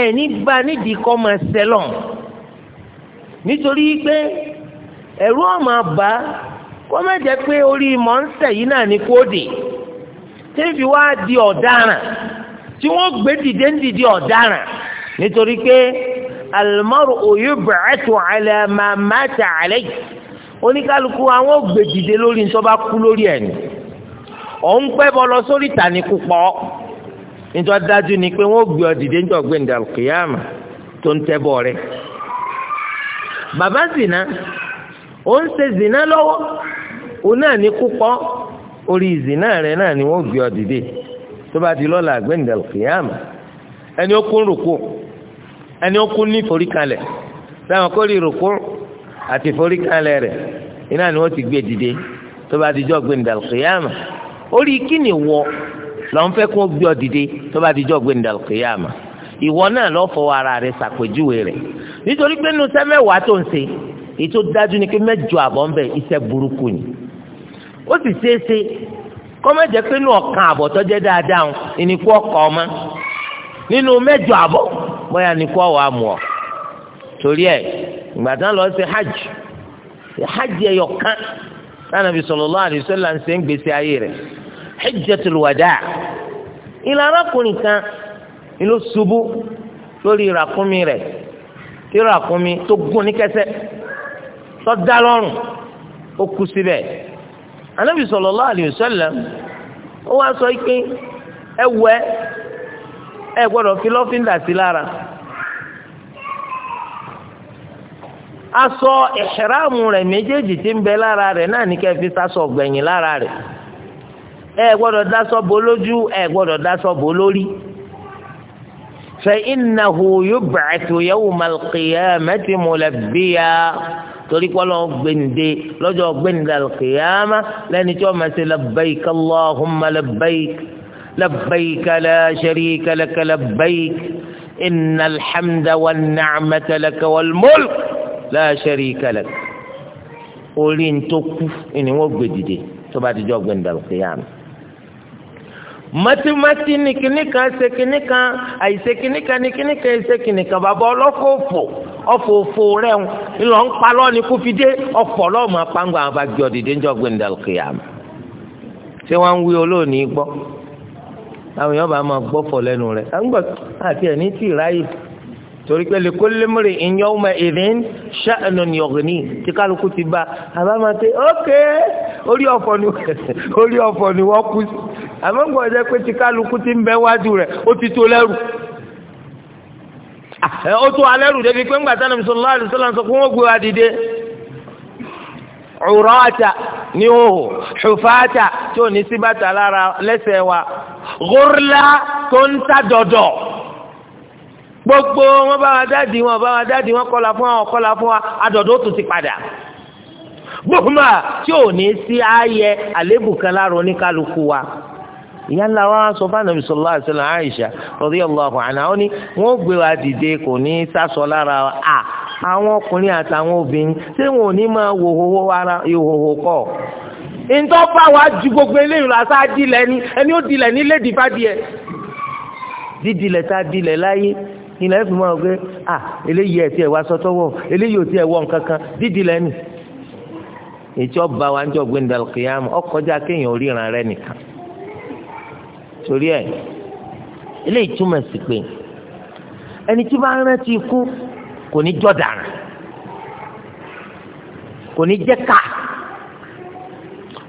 ẹ ní bá nídìí kọ́ máa sẹ́lọ̀ nítorí pé ẹ̀rú ọ̀mà bá kó má jẹ́ pé orí mọ́ńsẹ̀ yìí náà ní kóòdì tẹ́lifí wá di ọ̀daràn tí wọ́n gbé dìde ń dìde ọ̀daràn nítorí pé almaru yub'athu ala ma mata alayhi oníkálukú àwọn gbèdìde lórí ntọ́ba kú lórí ẹ̀ ní ọ̀hún pẹ́ bọ́ lọ sórí ìtàní pọ̀ ọ́ nítorí dájú ni pé wọ́n gbé ọ dìde ní ọ̀gbìn dàlùkìyàmà tó ń tẹ́ bọ̀ rẹ̀. bàbá zina ó ń ṣe zina lọ́wọ́ òun náà ní kúpọ̀ orí zina rẹ̀ náà ni wọ́n gbé ọ dìde tó bá di lọ́la ọ̀gbìn dàlùkìyàmà ẹni ó kún rùkú ẹni ó kún ní ìforíkalẹ̀ sáwọn kórìí rùkú àti ìforíkalẹ̀ rẹ̀ iná ni wọ́n ti gbé dìde tó bá di jọ́ ọ̀gbìn dàlùkìyàmà orí kíni wọ́ lọ́n fẹ́ kó gbé ọ dìde tó bá dijọ́ gbé ní dàlùkìyàmà ìwọ náà lọ́ fọwọ́ ara rẹ ṣàpèjúwe rẹ̀ nítorí pé nu sẹ́mẹ̀wá tó ń ṣe ètò dájú ni pé mẹ́jọ àbọ̀ ń bẹ iṣẹ́ burúkú ni ó sì ṣeé ṣe kọ́mọ jẹ́ pé nu ọ̀kan àbọ̀ tó jẹ́ dáadáa ìníkú ọkọ̀ ọmọ nínú mẹ́jọ àbọ̀ bóyá níkú àmú ọ torí ìgbà tán lọ sí hajj hajj ẹ̀yọ̀ kan ń ṣe ń gbèsè ayé rẹ̀ e wada ìlà arákùnrin kan ni lórí ràkúnmí rẹ̀ tí Irakumi tó gún ní kẹsẹ̀ tó dá lọ́rùn ó kú anabi wa sallam ó wá sọ pé ẹ wẹ ẹ gbọ́dọ̀ fi lọ́fíńdà sí lára. aṣọ ìṣẹ́ráàmù rẹ̀ méjèèjì tí ń bẹ lára rẹ̀ náà ní fi gbẹ̀yìn lára ẹ gbọ́dọ̀ dá sọ́bù olójú ẹ gbọ́dọ̀ dá sọ́bù olórí. fa innahu yub'athu yawmal qiyamati mulabbiya torí kọ́lọ́ gbẹ̀ǹde lọ́jọ́ gbẹ̀ǹde al-qiyama lẹ́ni tí wọ́n máa ṣe labbaik allahumma labbaik labbaik la sharika laka labbaik innal hamda wan ni'mata laka wal mulk la sharika laka orí ntòkú ni wọ́n gbẹ̀dìde tó bá ti jọ gbẹ̀ǹde al mọtímọtí ni kíní kan ṣe kíní kan àìṣe kíní kan ni kíní kan ṣe kíní kan bàbá ọlọ́fọ̀ òfò ọ̀fọ̀ òfò rẹ̀ ń lọ ń pa lọ́ọ̀ni kó fi dé ọ̀pọ̀ lọ́ọ̀mù apáǹgbà àwọn bá gbé ọ̀dìdé ńjọ́ gbẹ̀ndàlùkìyàm ṣé wọ́n ń wí olóòní gbọ́ àwọn èèyàn bá máa gbọ́ fọ̀ lẹ́nu rẹ̀ àgbà àti ẹ̀ ní tí ráyè torí pé lè kó lémùrè ìyọ́mọ ìrìn ṣáànù ní tí kálukú ti bá àbá máa ṣe ókè [laughs] orí ọ̀fọ̀ ni wọ́n kú sí àmọ́ gbọ́dọ̀ jẹ́ pé tí kálukú ti ń bẹ wájú rẹ̀ ó ti tó lẹ́rù ah, ó tó alẹ́rù débi pé ńgbà tánà bisalòlá àdìsọ́lá sọ fún wọn gbé wa dìde ọ̀rọ̀ọ̀tà ní òhò ṣùfàtà tí ò ní sí bàtà lára lẹ́sẹ̀ wa gòrìlà tó ń ta dọ̀dọ̀ gbogbo wọn bá wa dáàdi wọn bá wa dáàdi wọn kọlà fún wa kọlà fún wa adọ̀dọ̀ tó ti padà gbogbo tí ò ní sí ààyè àlébù lára oníkálukú wa ìyá ńlá wa sọ fún anabi sọlá àṣẹlẹ àìṣà radiyallahu anha ó ní wọn ò gbé wa dìde kò ní sásọ lára à àwọn ọkùnrin àtàwọn obìnrin ṣé wọn ò ní máa wò hóhó ara ìhòhò kọ. ìtọ́ bá wa ju gbogbo eléyìí lọ àṣà dilẹ̀ ni ẹni ó dilẹ̀ ní lédi bá diẹ. dídilẹ̀ tá a dilẹ̀ láyé ilẹ̀ ẹ̀ máa gbé à eléyìí ẹ̀ ẹ̀ wá sọ́tọ́wọ́ eléyìí ò tí ẹ̀ wọ̀ nǹkan torí ẹ̀ eléyìí túmọ̀ sí pé ẹni tí bá ń rántí ikú kò ní jọ̀dàrà kò ní jẹ́ ká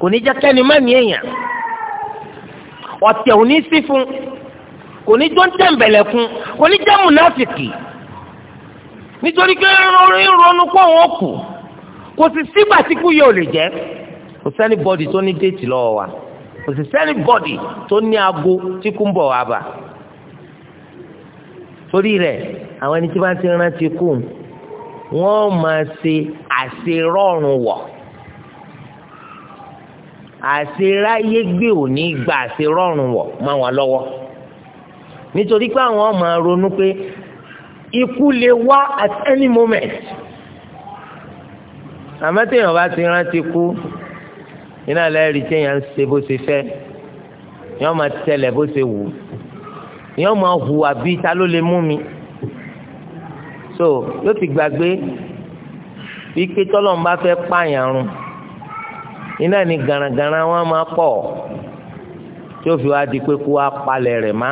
kò ní jẹ́ kẹ́ni má ní èèyàn ọ̀tẹ̀ ò ní sí fún kò ní jọ́ tẹ̀m̀bẹ̀lẹ̀ fún kò ní jẹ́ múnáfìkì nítorí pé ronú kó wọn kù kò sì sígbà tí kú yóò lè jẹ́ kò sẹ́ni bọ́dì tó ní déètì lọ́wọ́ wa kò sì sẹ́ni bọ́dì tó ní aago tí kú ń bọ̀ wá bà torí rẹ̀ àwọn ẹni tí wọ́n ti rántí kú wọ́n máa ṣe àṣerọ́rùn wọ̀ àṣeráyé gbé òní gba àṣerọ́rùn wọ̀ mọ́ wọn lọ́wọ́ nítorí pé àwọn máa ronú pé ikú lè wá at any moment àmọ́ téèyàn bá ti rántí kú iná lẹ́rìí tí èèyàn ń ṣe bó ṣe fẹ́ yọ́n máa tẹ̀lẹ̀ bó ṣe wù yọ́n máa hùwà bíi ta ló lè mú mi so yóò ti gbàgbé bí pé tọ́lọ́n bá fẹ́ pààyàn run iná ni garagara wọn máa pọ̀ tí ó fi wá di pé kó wá palẹ̀ rẹ̀ má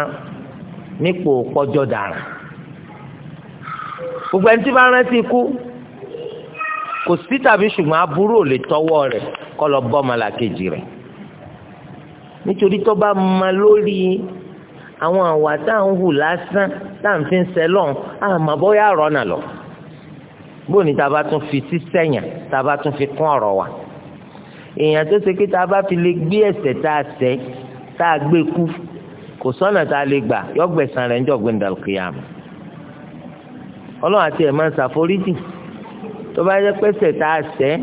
nípò pọ́jọ́ dàrá gbogbo ẹni tí bá rántí ikú kò sí tàbí ṣùgbọ́n aburú ò lè tọwọ́ rẹ̀ kó lọ bọ́ ọmọlàkejì rẹ̀ nítorí tó bá ma lórí àwọn àwa tá à ń hù lásán tá à ń fi ń sẹlọ̀ àmọ́ bóyá ọ̀rọ̀ náà lọ bóòní tá a bá tún fi sísẹ̀yàn tá a bá tún fi kún ọ̀rọ̀ wa èèyàn tó ṣe pé tá a bá fi lè gbé ẹ̀ṣẹ̀ tá a ṣẹ̀ tá a gbé kú kò sọ́nà tá a lè gbà yọ̀gbẹ̀sán rẹ̀ ń jọ̀gbìn dàlùkìyàmù ọlọ́run àti ẹ̀ máa ń ṣàforíjì tó bá yẹ pẹ́sẹ̀ tá a ṣẹ̀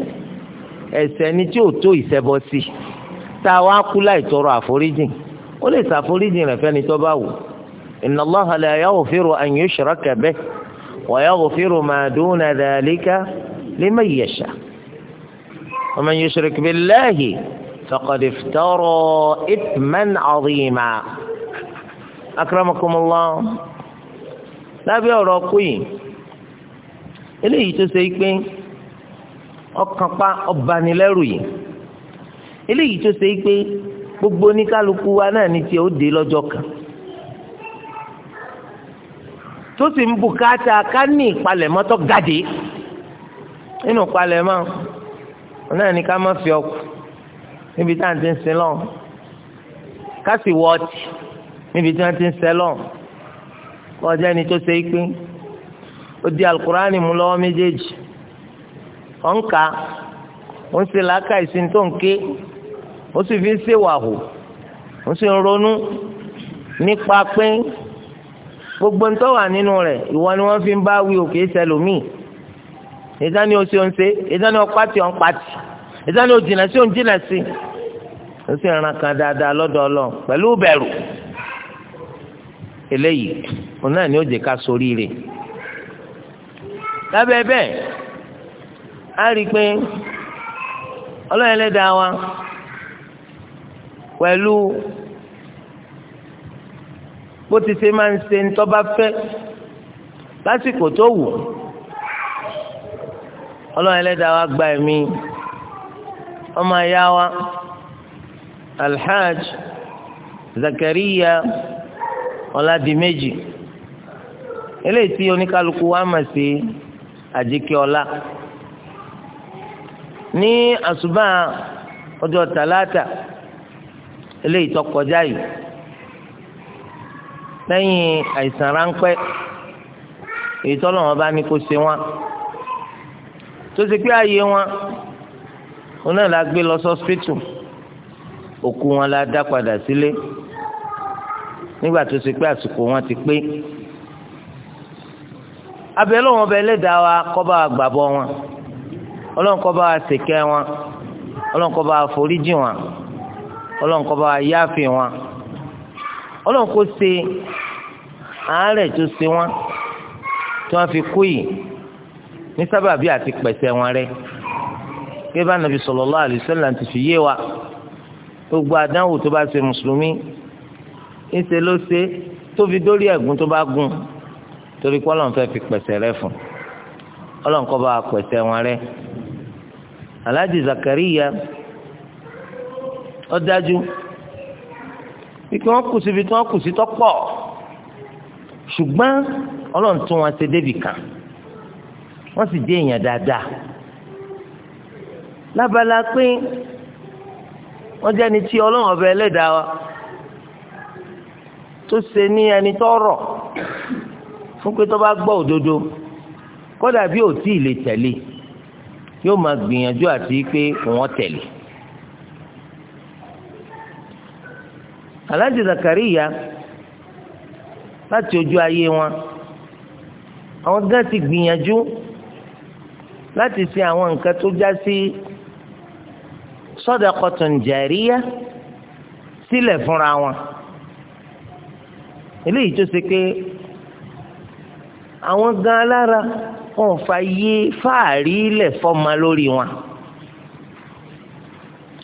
ẹ̀ṣẹ̀ ni tí ò tó ìṣẹbọ sí tá a wá kú láì tọrọ àforíjìn ó lè ṣàforíjìn rẹ̀ fẹ́ni tó bá wù inna Allaha la yaghfiru an yushraka bihi wa yaghfiru ma duna dhalika liman yasha wa man yushrik billahi faqad iftara ithman 'azima akramakumullah lábẹ́ ọ̀rọ̀ kú eléyìí tó ṣe é pé ọkàn pa ọbanilẹ́rù yìí eléyìí tó ṣe é pé gbogbo oníkálukú wa náà ní tiẹ̀ ó dé lọ́jọ́ kan tó sì ń bùkátà ká ní ìpalẹ̀mọ́ tó gàdé nínú ìpalẹ̀mọ́ náà ní ká má fi ọkù níbi tá à ń ti ń sin lọ ká sì wọ ọtí níbi tí wọ́n ti ń sin lọ kọjá ẹni tó ṣe é pé ó di alukurani mú lọ́wọ́ méjèèjì ọ̀nkà ó ń se làákà ìsìn tó ń ké ó sì fi ń ṣèwàhù ó sì ń ronú nípa pé gbogbo ń tọ́wà nínú rẹ̀ ìwọ ni wọ́n fi ń bá wí òkè sẹlòmíì ìdáni o ṣe ń ṣe ìdáni ọ̀pá tí ọ̀n pa tì ìdáni o jìnà sí òun jìnà sí ó sì ràn kan dáadáa lọ́dọ̀ ọlọ́run pẹ̀lú bẹ̀rù eléyìí òun náà ni ó jẹ́ ká soríire lábẹ́ bẹ́ẹ̀ á rí i pé ọlọ́run ẹlẹ́dàá wa pẹ̀lú bó ti ṣe máa ń ṣe ń tọ́ba fẹ́ lásìkò tó wù ọlọ́run ẹlẹ́dàá wa gba ẹ̀mí ọmọ ayá wa alhaj zakariya ọ̀làdìmẹ́jì eléyìí tí oníkálukú wa mà sí àjíkẹ́ ọlá ní àṣùbà ọjọ́ tàlátà eléyìí tó kọjá yìí lẹ́yìn àìsàn ráńpẹ́ èyí tọ́lọ́wọ́n bá ní kó ṣe wọn tó ṣe pé ààyè wọn wọn náà la gbé lọ sọ́spítù òkú wọn la dá padà sílé nígbà tó ṣe pé àsìkò wọn ti pé abẹ́lẹ́ wọn bẹ lẹ́dàá wa kọ́ bá gbàbọ́ wọn ọlọ́run kó bá wa ṣìkẹ́ wọn ọlọ́run kó bá wa foríjì wọn ọlọ́run kó bá wa yáàfì wọn ọlọ́run kó ṣe àárẹ̀ tó ṣe wọn tí wọ́n fi kú yìí ní sábàbí àti pẹ̀sẹ̀ wọn rẹ̀ kí bá nàbí sallallahu alaihi wasallam ti fi yé wa gbogbo àdánwò tó bá ṣe mùsùlùmí ńṣe ló ṣe tó dórí ẹ̀gún tó bá gùn torí pé fẹ́ fi pẹ̀sẹ̀ rẹ̀ fún ọlọ́run kó bá wa pẹ̀sẹ̀ wọn rẹ̀ aláàjì Zakariya ó dájú wípé wọ́n kù síbi tí wọ́n kù sí tọ́pọ̀ ṣùgbọ́n ọlọ́run tún wọn ṣe débì kan wọ́n sì dé èèyàn dáadáa lábala pé wọ́n jẹ́ ẹni tí ọlọ́run ọba ẹlẹ́dàá wa tó ṣe ní ẹni tó rọ̀ fún pé tó bá gbọ́ òdodo kódà bí ò tí ì lè tẹ̀lé yóò máa gbìyànjú àti pé wọ́n tẹ̀lé. aláàjì Zakariya láti ojú ayé wọn àwọn gán ti gbìyànjú láti ṣe àwọn nǹkan tó já sí sadaqatun jariya sílẹ̀ fúnra wọn eléyìí tó ṣe pé àwọn gan alára wọn ò fa yé fáàrí lẹ̀ fọ́mọ lórí wọn.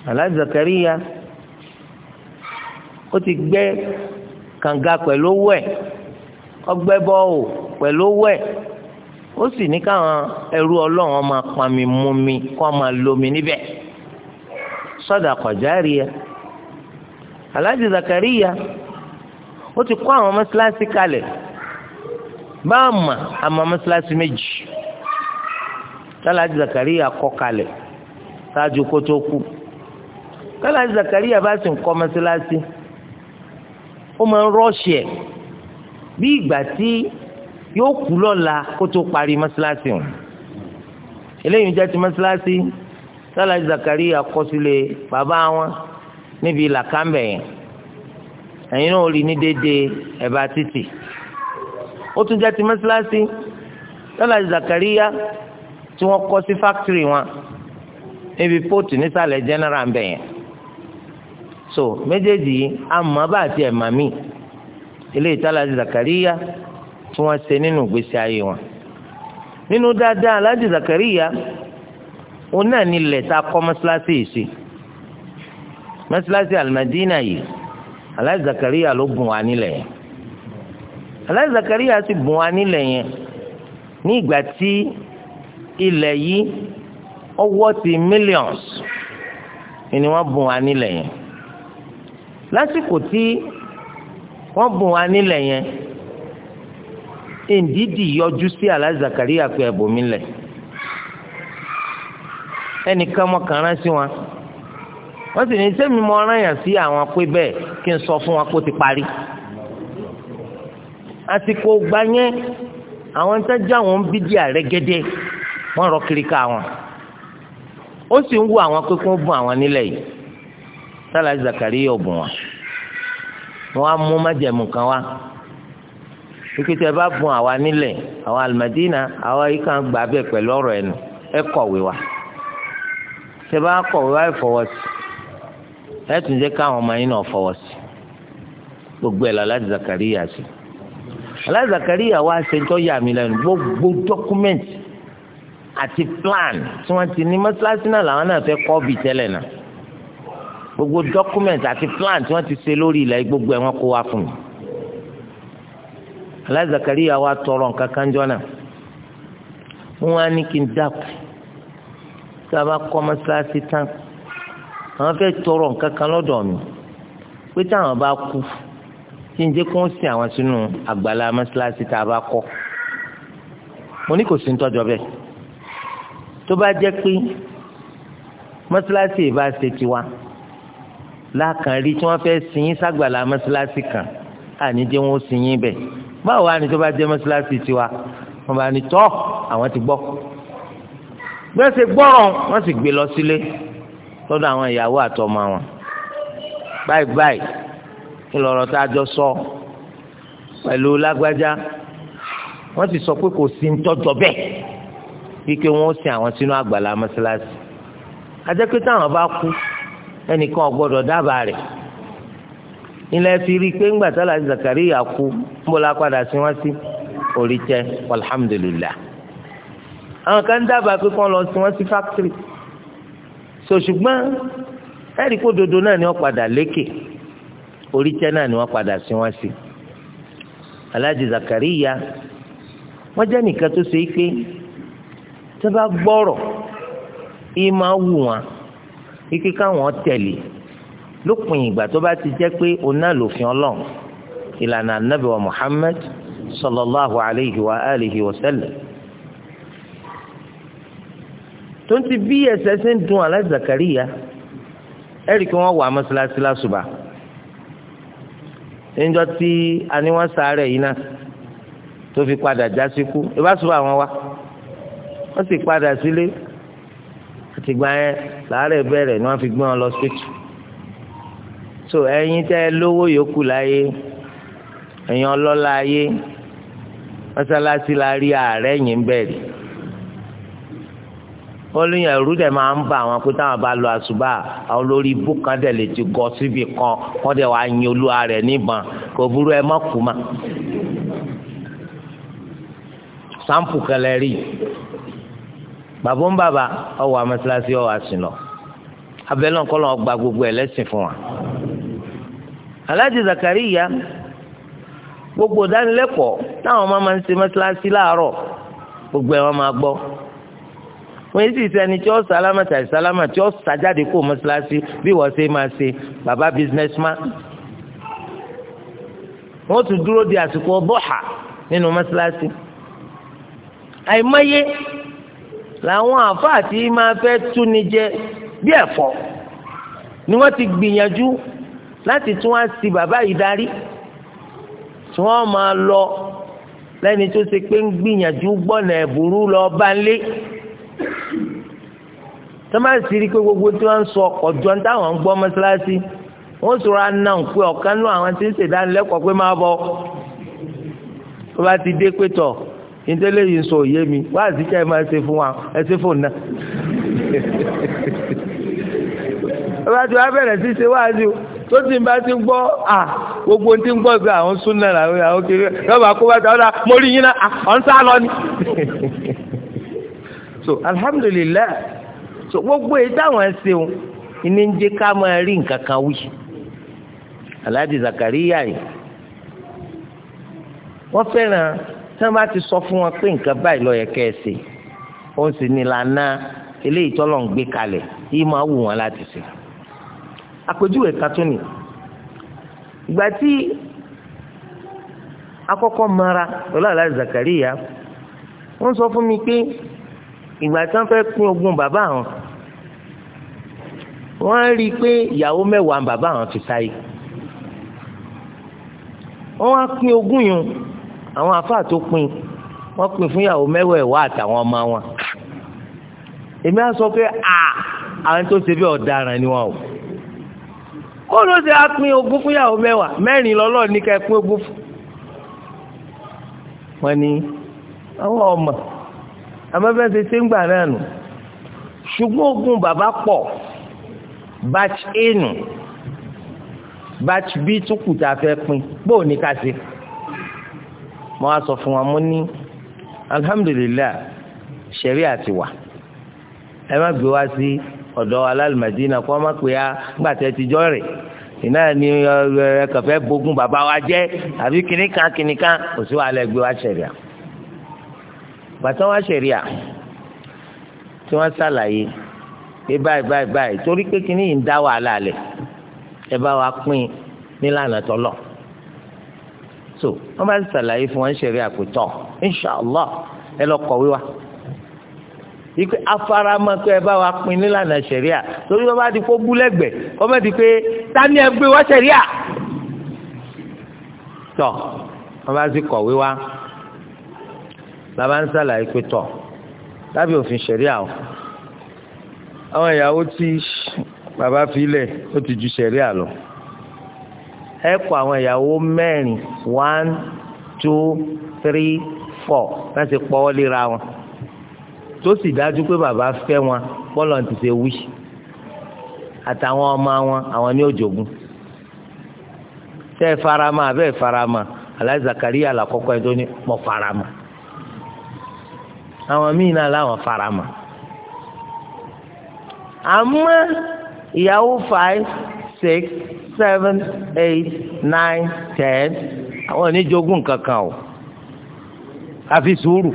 Àlá Zakariya ó ti gbẹ́ kànga pẹ̀lú owó ẹ̀ ọgbẹ́ bọ́ọ̀ pẹ̀lú owó ẹ̀ ó sì ní káwọn ẹrú ọlọ́run máa pami mú mi kó máa lomi níbẹ̀ sọ́dà kọ̀járíya Àlá Zakariya ó ti kọ́ àwọn mọ́sálásí kalẹ̀ báà mà àmọ́ mọ́sálásí méjì tálàjì Zakariya kọ́ kalẹ̀ ṣáájú kó tó kú tálàjì Zakariya bá sì ń kọ́ mọ́sálásí ó máa ń rọ́ọ̀ṣì ẹ̀ bí ìgbà tí yóò kú lọ́la kó tó parí mọ́sálásí ọ̀hún eléyìí jẹ́ ti mọ́sálásí tálàjì Zakariya kọ́ sílé bàbá wọn níbi làkàmbẹ̀ yẹn ẹ̀yin náà rí ní déédéé ẹ̀bá títì ó tún jẹ́ ti mọ́sálásí lọ́la Zakariya tí wọ́n kọ́ sí fákítìrì wọn níbi póòtù nísàlẹ̀ general ń bẹ̀ yẹn so méjèèjì yìí àmọ́ bá àti ẹ̀mà míì ilé ìtàlá Zakariya tí wọ́n ṣe nínú ìgbésí ayé wọn nínú dáadáa aláàjì Zakariya òun náà ní ilẹ̀ tá a kọ́ mọ́sálásí yìí sí mọ́sálásí al yìí aláàjì Zakariya ló gùn wá nílẹ̀ yẹn aláì Zakariya sì bùn wa nílẹ̀ yẹn ní ìgbà tí ilẹ̀ yìí ọwọ́ ti millions ni wọ́n bùn wa nílẹ̀ yẹn lásìkò tí wọ́n bùn wa nílẹ̀ yẹn ndidi yọjú sí aláì Zakariya pé ẹ̀bùnmi lẹ̀ ẹnìkan mọ̀kànlá sí wọn wọ́n sì ní sẹ́mi mọ́ ọ́ràn yàn sí àwọn pé bẹ́ẹ̀ kí n sọ fún wọn kó ti parí àsìkò gbà yẹn àwọn tẹ́jà wọn bí di àrẹ́gẹ́dẹ́ wọ́n rọ kiri ká wọn ó sì ń wo àwọn pé bùn àwọn nílẹ̀ yìí sálà zakari yóò bùn wọn wọn á mú májẹ̀mú kan wá ìpètè bá bùn àwa nílẹ̀ àwọn almadina àwa yìí kan gbà bẹ́ẹ̀ pẹ̀lú ọ̀rọ̀ ẹnu ẹ kọ̀wé wa tẹ bá kọ̀wé wa ẹ sí ẹ tún jẹ́ káwọn ọmọ yín náà fọwọ́ sí gbogbo ẹ̀ lọ́la zakari yà sí aláì Zakariya wá ṣe ń tọ́yà mi lẹ́nu gbogbo dọ́kúmẹ́ǹtì àti plan tí wọ́n ti ní mọ́ṣáláṣí náà làwọn náà fẹ́ kọ́ bì tẹ́lẹ̀ náà gbogbo dọ́kúmẹ́ǹtì àti plan tí wọ́n ti ṣe lórí ilẹ̀ gbogbo ẹ̀ wọ́n kó wá fún mi aláì Zakariya wá tọrọ nǹkan kan jọ náà wọ́n á ní kí n dákú tá a bá kọ́ mọ́ṣáláṣí tán àwọn fẹ́ tọrọ nǹkan kan lọ́dọ̀ mi pé táwọn bá kú fún kí n jẹ́ kó ń sin àwọn sínú àgbàlá mọ́ṣáláṣí tá a bá kọ́ mo ní kò sí ń tọ́jọ́ bẹ́ẹ̀ tó bá jẹ́ pé mọ́ṣáláṣí ìbá ṣe tiwa láàkàn rí tí wọ́n fẹ́ sin yín ságbàlá mọ́ṣáláṣí kan àníjẹ́ wọn ó sin yín bẹ́ẹ̀ báwo wá ni tó bá jẹ́ mọ́ṣáláṣí tiwa wọ́n bá ní tọ́ àwọn ti gbọ́ bí ṣe gbọ́ràn wọ́n sì gbé lọ sílé lọ́dọ̀ àwọn ìyàwó àtọmọ wọn báyìí báyìí ńlọrọ tá a jọ sọ pẹ̀lú lágbájá wọ́n ti sọ pé kò sí ń tọ́jọ́ bẹ́ẹ̀ wípé wọ́n sin àwọn sínú àgbàlá mọ́ṣáláṣí ajẹ́pẹ́ táwọn bá kú ẹnìkan ò dábàá rẹ̀ ilẹ̀ ti rí i pé ńgbà tálà Zakariya kú mbọ́lá padà sí wọ́n sí orí tẹ alhamdulilah àwọn kan dábàá pé kán lọ sí wọ́n sí fákítírì so ṣùgbọ́n dodo náà ni wọ́n padà lékè orí náà ni wọ́n padà sí wọn sí aláàjì Zakariya wọ́n jẹ́ nìkan tó ṣe é pé tó bá gbọ́rọ̀ yìí máa wù wọn ike káwọn tẹ̀lé lópin ìgbà tó bá ti jẹ́ pé òun náà lòfin Ọlọ́run ìlànà Ànábì wa Muhammad sallallahu alayhi wa alihi wa sallam tó ń ti bí ẹsẹ̀ ṣe ń dun aláàjì Zakariya ẹ̀rí kí wọ́n wà mọ́ṣáláṣí lásùbà. La níjọ́ tí aníwọ̀n sáré yìí náà tó fi padà já síkú ìbá sùn àwọn wa wọ́n sì padà sílé àtìgbà yẹn làárẹ̀ bẹ̀rẹ̀ ni wọ́n fi gbé lọ síkú so ẹ̀yin tẹ́ lówó yòókù láyé ẹ̀yin ọlọ́lá ayé mọ́sálásí la rí ààrẹ yìí ń bẹ̀rẹ̀ wọ́n lóyún ẹ̀rú dẹ̀ máa ń bá àwọn pé táwọn bá lọ àṣùbà àwọn olórí ibú kan dẹ̀ lè ti gọ síbi kan kọ́ dẹ̀ wàá yin olúwa rẹ̀ níbọn kò burú ẹ má kú ma. sampo kẹlẹ rí bàbá ń bàbá ọwọ́ amẹ́sílásí ọwọ́ àṣìlọ abẹ́lẹ́ ọ̀kọ́lọ́ gbogbo ẹ̀ lẹ́sìn fún wa. aláàjì Zakariya gbogbo dánilẹ́kọ̀ọ́ táwọn máa ń láàárọ̀ gbogbo ẹ̀ wọ́n máa gbọ́ wọ́n yìí sì sẹ́ni tí ó sálámà tàbí sálámà tí ó sàjáde kó mọ́ṣáláṣí bí wọ́n ṣe máa ṣe bàbá businessman. wọ́n tún dúró di àsìkò bọ́hà nínú mọ́ṣáláṣí. àìmọye làwọn àáfàá tí máa fẹ́ túni jẹ bí ẹ̀fọ́ ni wọ́n ti gbìyànjú láti tún wá sí bàbá yìí darí tí wọ́n máa lọ lẹ́ni tó ṣe pé ń gbìyànjú gbọ́nà ẹ̀bùrú lọ bá ń lé tó máa sì rí i pé gbogbo tí wọ́n ń sọ ọ̀jọ́ ń táwọn ń gbọ́ mọ́ṣáláṣí wọ́n sọ̀rọ̀ àná ń pé ọ̀kan nú àwọn tí ń ṣèdánilẹ́kọ̀ọ́ pé máa bọ̀ tó bá ti dé pé tọ̀ ìdílé yìí sọ òye mi wá àzíkẹ́ ẹ máa ṣe fún wa ẹ ṣe fún náà ọba tí wàá bẹ̀rẹ̀ sí ṣe wáàzí tó ti bá ti gbọ́ à gbogbo ti ń gbọ́ pé àwọn súnà làwọn àwọn kiri lọ́ba kó bá ta ọ́dà mo rí [laughs] so alhamdulillah so gbogbo èyí táwọn ń ṣeun ìní ń jẹ́ ká máa rí nǹkan kan wí aláàdì zakariya yìí wọ́n fẹ́ràn tí wọ́n bá ti sọ fún wọn pé nǹkan báyìí ló yẹ kẹ́ ẹ ṣe òun sì ní ìlànà eléyìí tọ́lọ̀ ń gbé kalẹ̀ yìí máa wù wọn láti ṣe àpèjúwe kan ìgbà tí akọ́kọ́ mara lọ́la zakariya wọ́n sọ fún mi pé ìgbà tí wọ́n fẹ́ pín ogún bàbá àwọn wọ́n rí i pé ìyàwó mẹ́wàá bàbá àwọn ti sáyé wọ́n wá pín ogún yìí àwọn àfáà tó pín wọ́n pín fún ìyàwó mẹ́wàá àtàwọn ọmọ wọn èmi á sọ pé à àwọn tó ṣe bí ọ̀daràn ni wọn o kó ló ṣe á pín ogún fún ìyàwó mẹ́wàá mẹ́rin lọ́lọ́ọ̀ ní ká pín ogún fún wọn ni àwọn ọmọ àmọ́ bẹ́ẹ̀ ṣe ṣe ń gbà náà nù ṣùgbọ́n ogun bàbá pọ̀ batch a nù batch b tún kù tá a fẹ́ pín bó ní ká ṣe mo á sọ fún wa mo ní alhamdulilayi ṣẹ̀rí àti wà ẹ má gbé wá sí ọ̀dọ̀ alálùmọ̀dínà kó má pè á gbàtẹ́ ti jọ́ rẹ̀ iná ni ẹ kàn fẹ́ bógun bàbá wa jẹ́ àbí kìnìkan kìnìkan kò sí wàhálà ẹgbẹ́ wa ṣẹ̀rí àti gbàtàn wá ṣẹ̀ríà tí wọ́n ṣàlàyé pé báyìí báyìí báyìí torí pé kíní yìí ń dá wàhálà lẹ̀ ẹ bá wa pín nílànà tọ́lọ̀ so wọ́n bá ṣàlàyé fún wọn ṣẹ̀ríà pé tọ́ inshàlá ẹ lọ kọ̀wé wa ikú afaramọ pé ẹ bá wa pín nílànà ṣẹ̀ríà torí wọn bá di kó búlẹgbẹ wọn bá di pé tani ẹ gbé wá ṣẹ̀ríà tọ wọn bá sì kọ̀wé wa bàbá ń sàlàyé pé tọ̀ lábẹ́ òfin ṣẹ̀ríà o àwọn ìyàwó tí bàbá filẹ̀ ó ti ju ṣẹ̀ríà lọ ẹ kọ àwọn ìyàwó mẹ́rin one two three four wọ́n ti pọ́ léra wọn tó sì dájú pé bàbá fẹ́ wọn bọ́lọ̀ ti ṣe wí àtàwọn ọmọ wọn àwọn ní òjògùn tẹ́ ẹ farama abẹ́ ẹ farama aláìsàkàríyà làkọ́kọ́ ẹ tó ní mọ̀ farama àwọn míì náà láwọn fara mọ́ àmọ́ ìyàwó five six seven eight nine ten àwọn oníjogún kankan o àfi sùúrù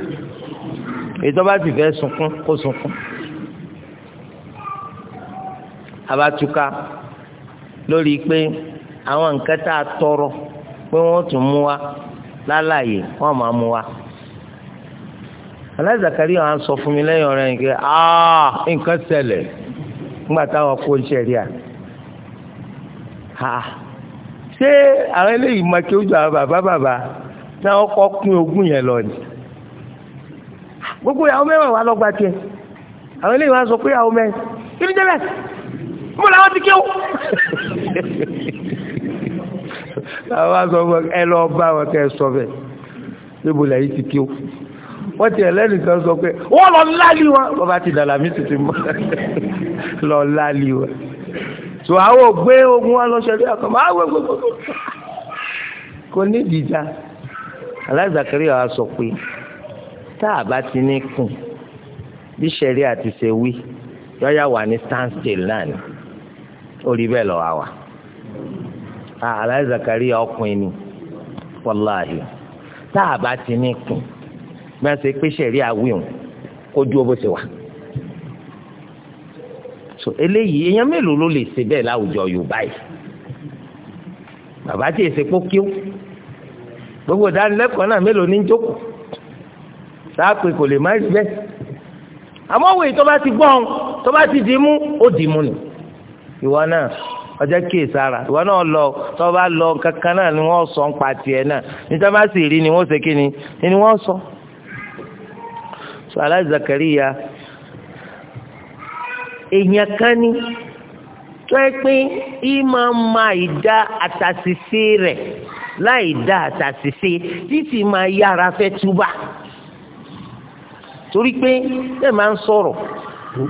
ìjọba ti fẹ́ sunkún kó sunkún abatuka lórí pé àwọn nǹkan tá a tọrọ pé wọ́n tún mú wa lálàyé wọ́n máa mú wa aláì zakari àwọn sọ fún mi lẹ́yìn ọ̀rẹ́ yìí aa ah, nǹkan ṣẹlẹ̀ nígbà táwọn kó ń ṣẹlẹ̀ à ha se àwọn eléyìí máa kí ó jọ àwọn bàbá bàbá táwọn kọ́ pín ogún yẹn lọ ni gbogbo àwọn mẹ́wàá wà lọ́gbà tiẹ̀ àwọn eléyìí wá sọ pé àwọn mẹ́rin kí ni jẹ́bẹ̀ mo làwọn ti kéwò [laughs] àwọn sọ fún ẹ lọ bá wọn kẹ sọ bẹ níbo ti kéwò wọ́n ti ẹlẹ́nìkan sọ pé wọ́n lọ lálì wọn bàbá ti dàlà mí tètè mọ́ [laughs] lọ lálì wọn tó àwọn ògbé ogun wa lọ sẹ́rí àkàmọ́ àwọn gbogbo [laughs] kò ní ìdìjà aláìsàkiri àwa sọ pé tá a bá ti ní kùn bí sẹ́rí àti ṣe wí yọ́yà wà ní still náà ni orí bẹ́ẹ̀ lọ́wọ́ àwà ah, aláìsàkiri ọkùnrin ni wàláhì tá a bá ti ní kùn bí wọ́n ṣe pé sẹ̀rí àwìn kó ju bó ṣe wà. so eléyìí èèyàn mélòó ló lè ṣe bẹ́ẹ̀ láwùjọ Yorùbá yìí bàbá tí èsè pókíó gbogbo ìdánilẹ́kọ̀ọ́ náà mélòó ní jókòó sáàpè kò lè má rí bẹ́ẹ̀ àmọ́ òwe tó bá ti gbọ́n tó bá ti dì mú ó dì mú ni ìwọ náà ọjọ́ kíyè sára ìwọ náà lọ tó bá lọ kankan náà ni wọ́n sọ ń pa tiẹ̀ náà níta bá sì rí ni wọ́n ṣe kí ni ni wọ́n sọ. So so aláì Zakariya èèyàn kan ní tó ẹ pé ìmọ̀ máa ìdá àtàṣìṣe rẹ̀ láì dá àtàṣìṣe títí máa yára fẹ́ túbà torí pé bẹ́ẹ̀ máa ń sọ̀rọ̀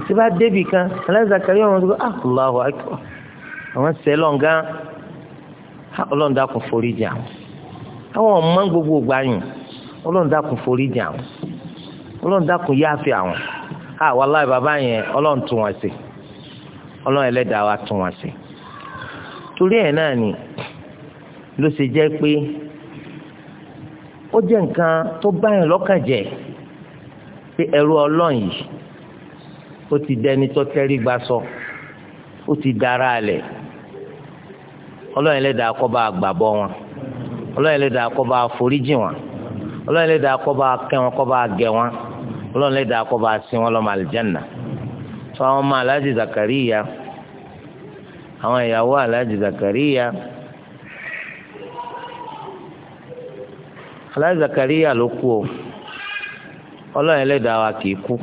tí bá débì kan aláì Zakariya wọn sọ ah Allahu akbar àwọn sẹ́lọ̀ gan ah, ọlọ́run dákun forí jà àwọn ọmọ gbogbo gbàyàn ọlọ́run dákun forí jà àwọn ọlọ́run dákun yá fi àwọn a wàláì bàbá yẹn ọlọ́run tún wọn sí ọlọ́run ẹlẹ́dàá wa tún wọn sí torí ẹ̀ náà ni ló ṣe jẹ́ pé ó jẹ́ nǹkan tó báyìí lọ́kàn jẹ́ pé ẹrú ọlọ́run yìí ó ti dẹni tó tẹ́rí gba sọ ó ti dára alẹ̀ ọlọ́run ẹlẹ́dàá kó bá gbàbọ́ wọn ọlọ́run ẹlẹ́dàá kó bá foríjì wọn ọlọ́run ẹlẹ́dàá kó bá kẹ́ wọn kó bá gẹ̀ wọn ọlọ́run lè dáa kó bá a sin wọn lọ́mọ àlìjánà fún àwọn ọmọ aláàjì zakariya àwọn ìyàwó aláàjì zakariya aláàjì zakariya ló kú o ọlọ́run lè dáa wa kì í kú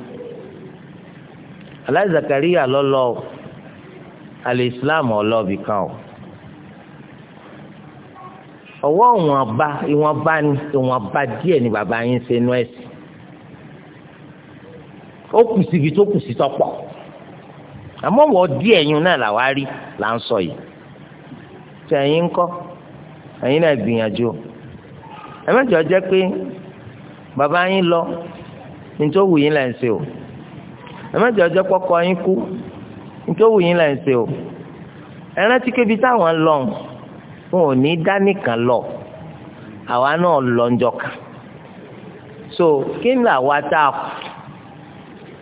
aláàjì zakariya lọ́lọ́ o alẹ́ islam ọlọ́ọ̀bì kan o ọwọ́ ìwọ̀nba ìwọ̀nba ni ìwọ̀nba díẹ̀ ni bàbá yín ṣe nú ó kù síbi tó kù sí tọ́pọ̀ àmọ́ wọ́n díẹ̀ yín náà làwa rí là ń sọ yìí tí ẹ̀yin ń kọ́ ẹ̀yin náà gbìyànjú ẹ mẹ́jọ jẹ́ pé bàbá yín lọ nítorí wù yín là ń ṣe o ẹ mẹ́jọ jẹ́ yín kú nítorí wù yín là ń ṣe o ẹ rántí kébi táwọn lọ wọn ò ní dá lọ àwa náà lọ ń jọ kàn so kí ni àwa tá a kù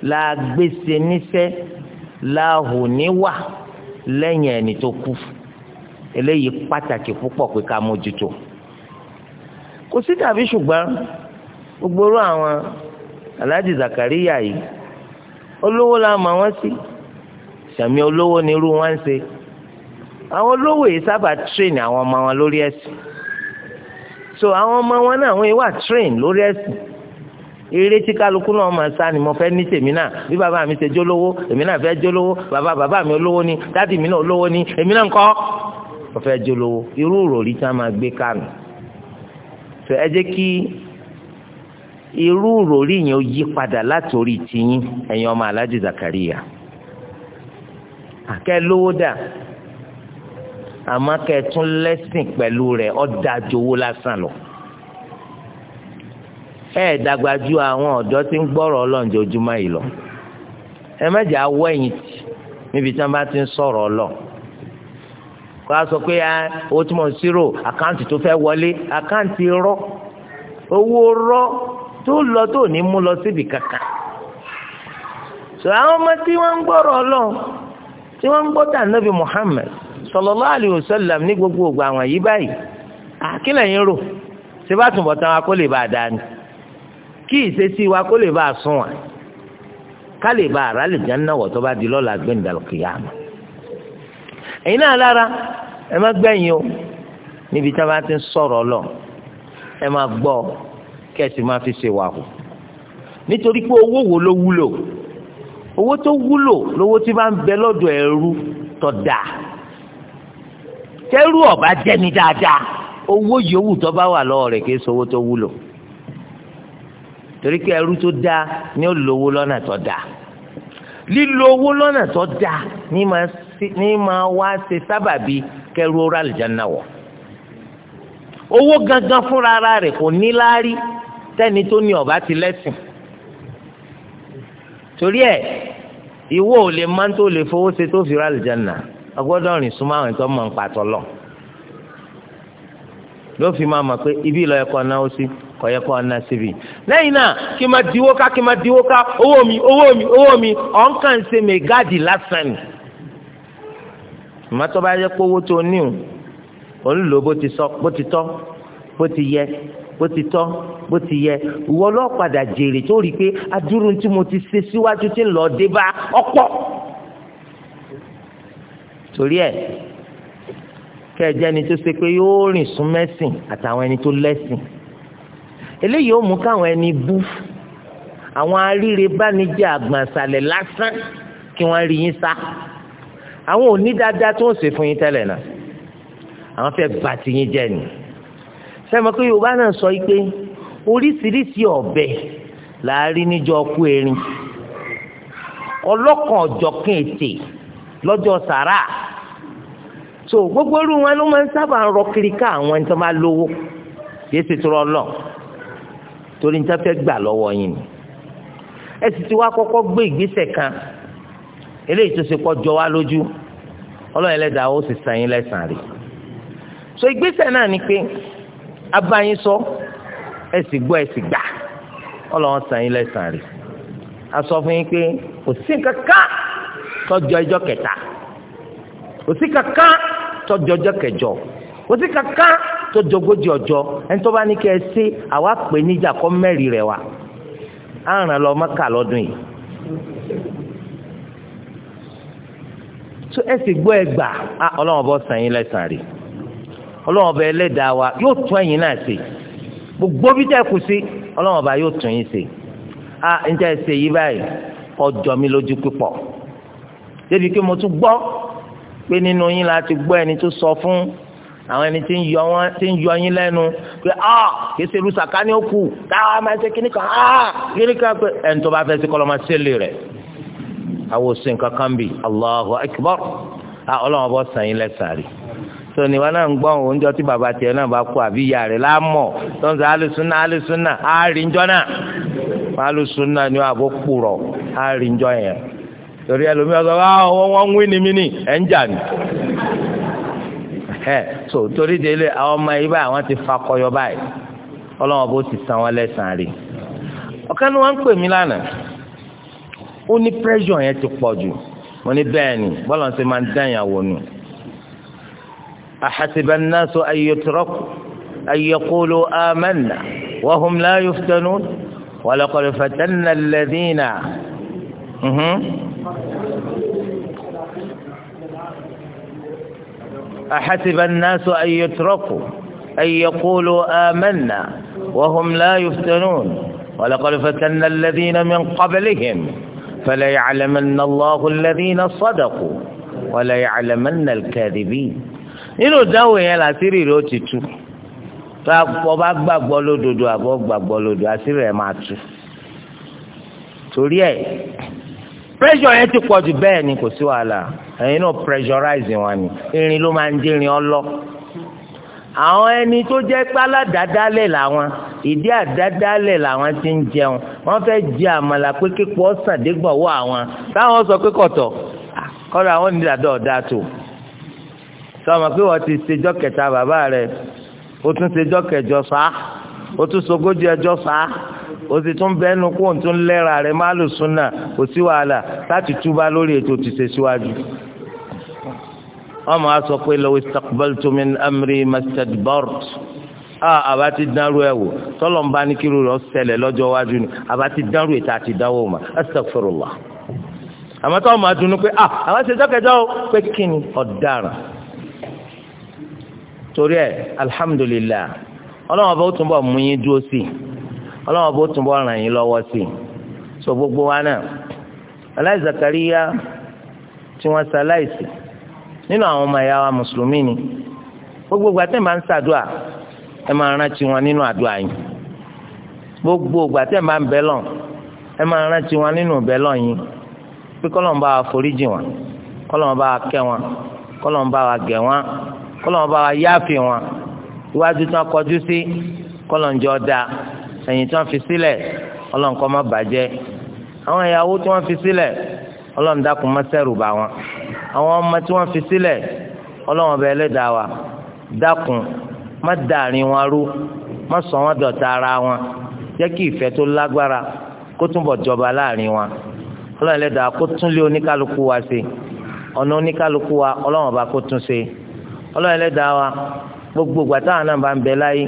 la gbèsè níṣẹ́ la hù níwà lẹ́yìn ẹni tó kú eléyìí pàtàkì púpọ̀ pé ká mójútó kò sí tàbí ṣùgbọ́n gbogbo àwọn aláàjì Zakariya yìí olówó la mọ̀ wọ́n sí sàmì olówó ni irú wọn ń ṣe àwọn olówó yìí sábà train àwọn ọmọ wọn lórí ẹ̀sìn so àwọn ọmọ wọn náà wọ́n yìí wà train lórí ẹ̀sìn eré tí kálukú náà máa sá ni mo fẹ́ ní tèmi náà bí bàbá mi ṣe jólówó èmi náà fẹ́ jólówó bàbá bàbá mi olówó ni dádì mi náà olówó ni èmi náà ń kọ́ mo fẹ́ jólówó irú òròrí tí wọ́n máa gbé kánù tó ẹ jẹ́ kí irú òròrí yẹn ó yí padà látòrí tiyín ẹ̀yin ọmọ aláàjì Zakariya àkẹ́ lówó dà àmọ́ kẹ́ ẹ tún lẹ́sìn pẹ̀lú rẹ̀ ó dáa lásán lọ ẹ dàgbà ju àwọn ọ̀dọ́ tí ń gbọ́rọ̀ Ọlọ́run jojúmọ́ yìí lọ ẹ má jà wọ ẹ̀yìn tì níbi tí wọ́n bá ti ń sọ̀rọ̀ Ọlọ́run kó a sọ pé owó tí mo ń ṣírò àkáǹtì tó fẹ́ wọlé àkáǹtì rọ́ owó rọ́ tó lọ tó ní mú lọ síbi kankan sọ àwọn ọmọ tí wọ́n ń gbọ́rọ̀ Ọlọ́run tí wọ́n ń gbọ́ tànàbí Muhammad sallallahu alaihi wasallam ní gbogbo ògbà àwọn yìí báyìí àkílẹ̀ yín rò ṣé bá tún bọ̀ tán wa kó lè bá a dáa ni kí ìṣesí wa kó lè bá a sún wa ká lè bá ara lè jẹun náà wọ̀tọ́ bá di lọ́la gbẹ̀ndàlùkìyàmù ẹ̀yin náà lára ẹ má gbẹ̀yìn o níbi tí a bá ti ń sọ̀rọ̀ lọ ẹ má gbọ́ kẹ́sì má fi ṣe wà nítorí pé owó wo ló wúlò owó tó wúlò lówó tí bá ń bẹ lọ́dọ̀ ẹrú tó dáa tẹ́rù ọ̀bá jẹ́ni dáadáa owó yòówù tó bá wà lọ́wọ́ rẹ̀ kì í ṣe owó tó wúlò torí pé ẹrú tó dáa ni ó lówó lọ́nà tó dáa lílo owó lọ́nà tó dáa ní máa wá ṣe sábàbí kẹrù ọ̀rọ̀ àlùjáná wọ̀ owó gangan fúnra ara rẹ̀ kò ní láárí tẹ́ni tó ní ọ̀bá ti lẹ́sìn torí ẹ̀ ìwọ ò lè máa tó lè fowó ṣe tó fi ra àlùjáná ọgbọ́dọ̀ rìn súnmọ́ àwọn ìtọ́ mọ̀ ń pàtọ́ lọ ló fi máa mọ̀ pé ibi ìlọ ẹ̀kọ́ náà ó sí kọ̀yẹ́ kọ́ ọ̀nà síbi. lẹ́yìn náà kí n máa diwó ká kí n máa diwó ká owó mi owó mi owó mi ọ̀nkàn ṣe mẹ́gáàdì lásán ni. màmá tó bá yẹ kó owó tó ní o òun lò bó ti sọ bó ti tọ́ bó ti yẹ bó ti tọ́ bó ti yẹ ìwọ lọ́ọ́ jèrè tó rí i pé adúrú tí mo ti ṣe síwájú tí ń lọ dé bá ọ̀pọ̀. torí ẹ̀ kẹjẹ ni tó ṣe pé yóò rìn sún mẹ́sìn àtàwọn ẹni tó lẹ́sìn eléyìí ó mú káwọn ẹni bú àwọn aríire bánijẹ́ àgbànsalẹ̀ lásán kí wọ́n rí yín sá àwọn òní dáadáa tó ń ṣe fún yín tẹ́lẹ̀ náà àwọn fẹ́ bà ti yín jẹ́ ni sẹ́mi pé yorùbá náà sọ yìí pé oríṣiríṣi ọ̀bẹ là á rí níjọ́ ọkú erin ọlọ́kan ọ̀jọ̀kan ètè lọ́jọ́ sàrà so gbogbo irú wọn ló máa ń sábà rọ kiri ká àwọn ẹni tó máa lówó yéé ṣe tó rọ torí níta fẹ́ gbà lọ́wọ́ yín ni ẹ sì ti wá kọ́kọ́ gbé ìgbésẹ̀ kan eléyìí tó ṣe kọ́ jọ wá lójú ọlọ́run ẹlẹ́dàá ó sì san yín lẹ́sàn-án so ìgbésẹ̀ náà ni pé abáyín sọ ẹ sì gbọ́ ẹ sì gbà ọlọ́run san yín lẹ́sàn-án rẹ̀ a sọ fún yín pé kò sí kankan tọ́jọ́ ẹjọ́ kẹta kò sí kankan tọ́jọ́ ẹjọ́ kẹjọ kò sí kankan tó jogójì ọjọ́ ẹni tó bá ní kẹ́ ẹ sí àwa pè níjà kọ́ mẹ́rin rẹ̀ wá á ràn lọ mọ́kà lọ́dún yìí. tó ẹ sì gbọ́ ẹ gbà á ah, ọlọ́wọ́n bọ́ sàn yín lẹ́sàn rí ọlọ́wọ́n bẹ ẹlẹ́dàá wa yóò tún ẹ̀yìn náà sí gbogbo bí tẹ́ kù sí ọlọ́wọ́n bá yóò tún yín sí á níjà ẹ sèyí báyìí ọjọ́ mi lójú pípọ̀ débi pé mo tún gbọ́ pé nínú yín la ti ẹni tó sọ fún àwọn ẹni tí ń yọ wọn tí ń yọ yín lẹ́nu pé a ah, kìí ṣe lùsàkà ni ó kù táwa máa ṣe kíní kan a ah, kíní kan pé ẹni tó bá fẹ́ sí kọlọ́mà sílè rẹ̀ àwọn òsè nǹkan kan bì Allahu Akbar ọlọ́wọ́n bọ́ sàn yín lẹ́sàárì tó ní wọn náà ń gbọ́n oúnjẹ tí bàbá tiẹ̀ náà bá kú àbí ìyá rẹ̀ láàmọ̀ tó ń sọ alùsùnà alùsùnà àárínjọ́ náà alùsùnà ni wọn àbó kúrọ̀ àárínjọ́ yẹn torí ẹlòmíràn sọ ah, wọn wọn ẹ̀hẹ́ so torí délé àwọn ọmọ yìí báyìí wọ́n ti fa kọyọ báyìí ọlọ́wọ́n bó ti san wọn lẹ́sàn-án rí ọ̀kan ni wọ́n ń pè mí lánàá ó ní pressure yẹn ti pọ̀ jù mo ní bẹ́ẹ̀ ni bọ́lá ṣe máa ń dáyà wò nù ahasiba nnasu ayyutraku ayyaqulu amanna wa hum la yuftanun wa laqad fatanna أحسب الناس أن يتركوا أن يقولوا آمنا وهم لا يفتنون ولقد فتن الذين من قبلهم فليعلمن الله الذين صدقوا وليعلمن الكاذبين nínú ìdáhùn yẹn làásìrì rẹ ó ti tú tá a bá gbàgbọ́ lódodo àbọ̀ gbàgbọ́ lódodo àsìrì rẹ máa tú torí ẹ̀ pressure yẹn ti pọ̀ jù bẹ́ẹ̀ ni kò sí wàhálà ẹ̀yin náà pressurize wọn ni irin ló máa ń dín irin ọlọ́ àwọn ẹni tó jẹ́ pé aládàádálẹ̀ làwọn ìdí àdádálẹ̀ làwọn ti ń jẹun wọ́n fẹ́ jẹ àmàlà pé kíkọ́ sàdégbọ̀wọ́ àwọn táwọn sọ pé kọ̀tọ̀ kọ́ra àwọn onídàádọ́ ọ̀dà tó sọmọ pé wọ́n ti ṣèjọ́ kẹta bàbá rẹ̀ ó tún ṣèjọ́ kẹjọ sá ó tún ṣogójì ẹjọ́ sá o sì tún bẹ́nu kó n tún lẹ́ra rẹ̀ má lò súnà kò sí wàhálà láti túbá lórí ètò ti ṣe síwájú. ọmọ a sọ pé lọ́wọ́ istaqbaltu min amri mastadbart a àbá ti dánrú ẹ wò tọ́lọ̀ ń bá ní kí rúurọ̀ ṣẹlẹ̀ lọ́jọ́ iwájú ni àbá ti dánrú ètò àti ìdánwò mà astaghfirullah. àmọ́ táwọn máa dunnú pé ah àwọn ṣe jọ́kẹ́jọ́ pé kí ni ọ̀daràn torí ẹ alhamdulillah ọlọ́run ọba ó túnbọ̀ mú yín dúró sí i ọlọ́wọ́n bó túnbọ̀ ràn yín lọ́wọ́ sí i so gbogbo wa náà aláìsàkàríyá tí wọ́n sa aláìsí nínú àwọn ọmọ ẹ̀yà wa mùsùlùmí ni gbogbo ìgbà tẹ́ ẹ̀ máa ń ṣàdúà ẹ máa rántí wọn nínú àdúà yín gbogbo ìgbà tẹ́ ẹ̀ máa ń bẹ́lọ̀ ẹ máa rántí wọn nínú bẹ́lọ̀ yín pé kọ́lọ́n bá wa foríjì wọn kọ́lọ́n bá wa kẹ́ wọn kọ́lọ́n bá wa gẹ̀ wọn kọ́lọ́n bá wa yáàfin wọn iwájú tán kọjú sí kọ́lọ́n jọ dáa ẹ̀yìn tí wọ́n fi sílẹ̀ ọlọ́run kó má bàjẹ́ àwọn ìyàwó tí wọ́n fi sílẹ̀ ọlọ́run dákun má ṣẹ̀rù bà wọ́n àwọn ọmọ tí wọ́n fi sílẹ̀ ọlọ́run ọba ẹlẹ́dàá wa dákun má dàrin wọn rú má sọ wọn dọ̀tá ara wọn jẹ́ kí ìfẹ́ tó lágbára kó túnbọ̀ jọba láàrin wọn ọlọ́run ẹlẹ́dàá kó tún lé oníkálukú wa ṣe ọ̀nà oníkálukú wa ọlọ́run ọba kó tún ṣe ọlọ́run ẹlẹ́dàá wa gbogbo gbàtà náà bá ń bẹ láyé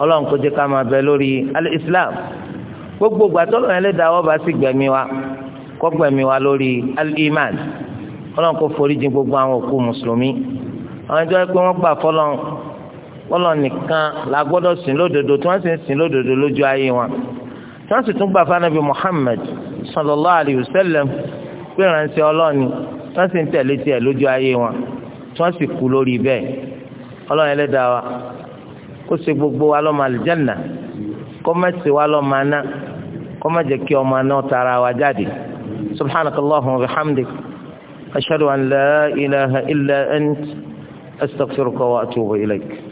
ọlọ́run kò jẹ́ ká máa bẹ lórí al-islam gbogbo gbàtọ́lọ́ yẹn lè dáwọ́ bá sì gbẹ̀mí wa kó gbẹ̀mí wa lórí al-iman ọlọ́run kò foríjì gbogbo àwọn òkú mùsùlùmí àwọn ìjọ pé wọ́n gbà fọlọ́n fọlọ́n nìkan la gbọ́dọ̀ sìn lódodo tí wọ́n sì ń sìn lódodo lójú ayé wọn tí wọ́n sì tún gbà fanabi muhammed sallallahu alayhi wa sallam pé ìránṣẹ́ ọlọ́ọ̀ni tí wọ́n sì ń tẹ̀lé tiẹ̀ lójú ayé wọn tí wọ́n kó ṣe gbogbo wa lọ́mọ àlùjánnà kó má ṣe wa lọ́mọ aná kó má jẹ́ kí ọmọ aná tara wa jáde subhanaka allahumma wa bihamdik ashhadu an la ilaha illa ant astaghfiruka wa atubu ilayk.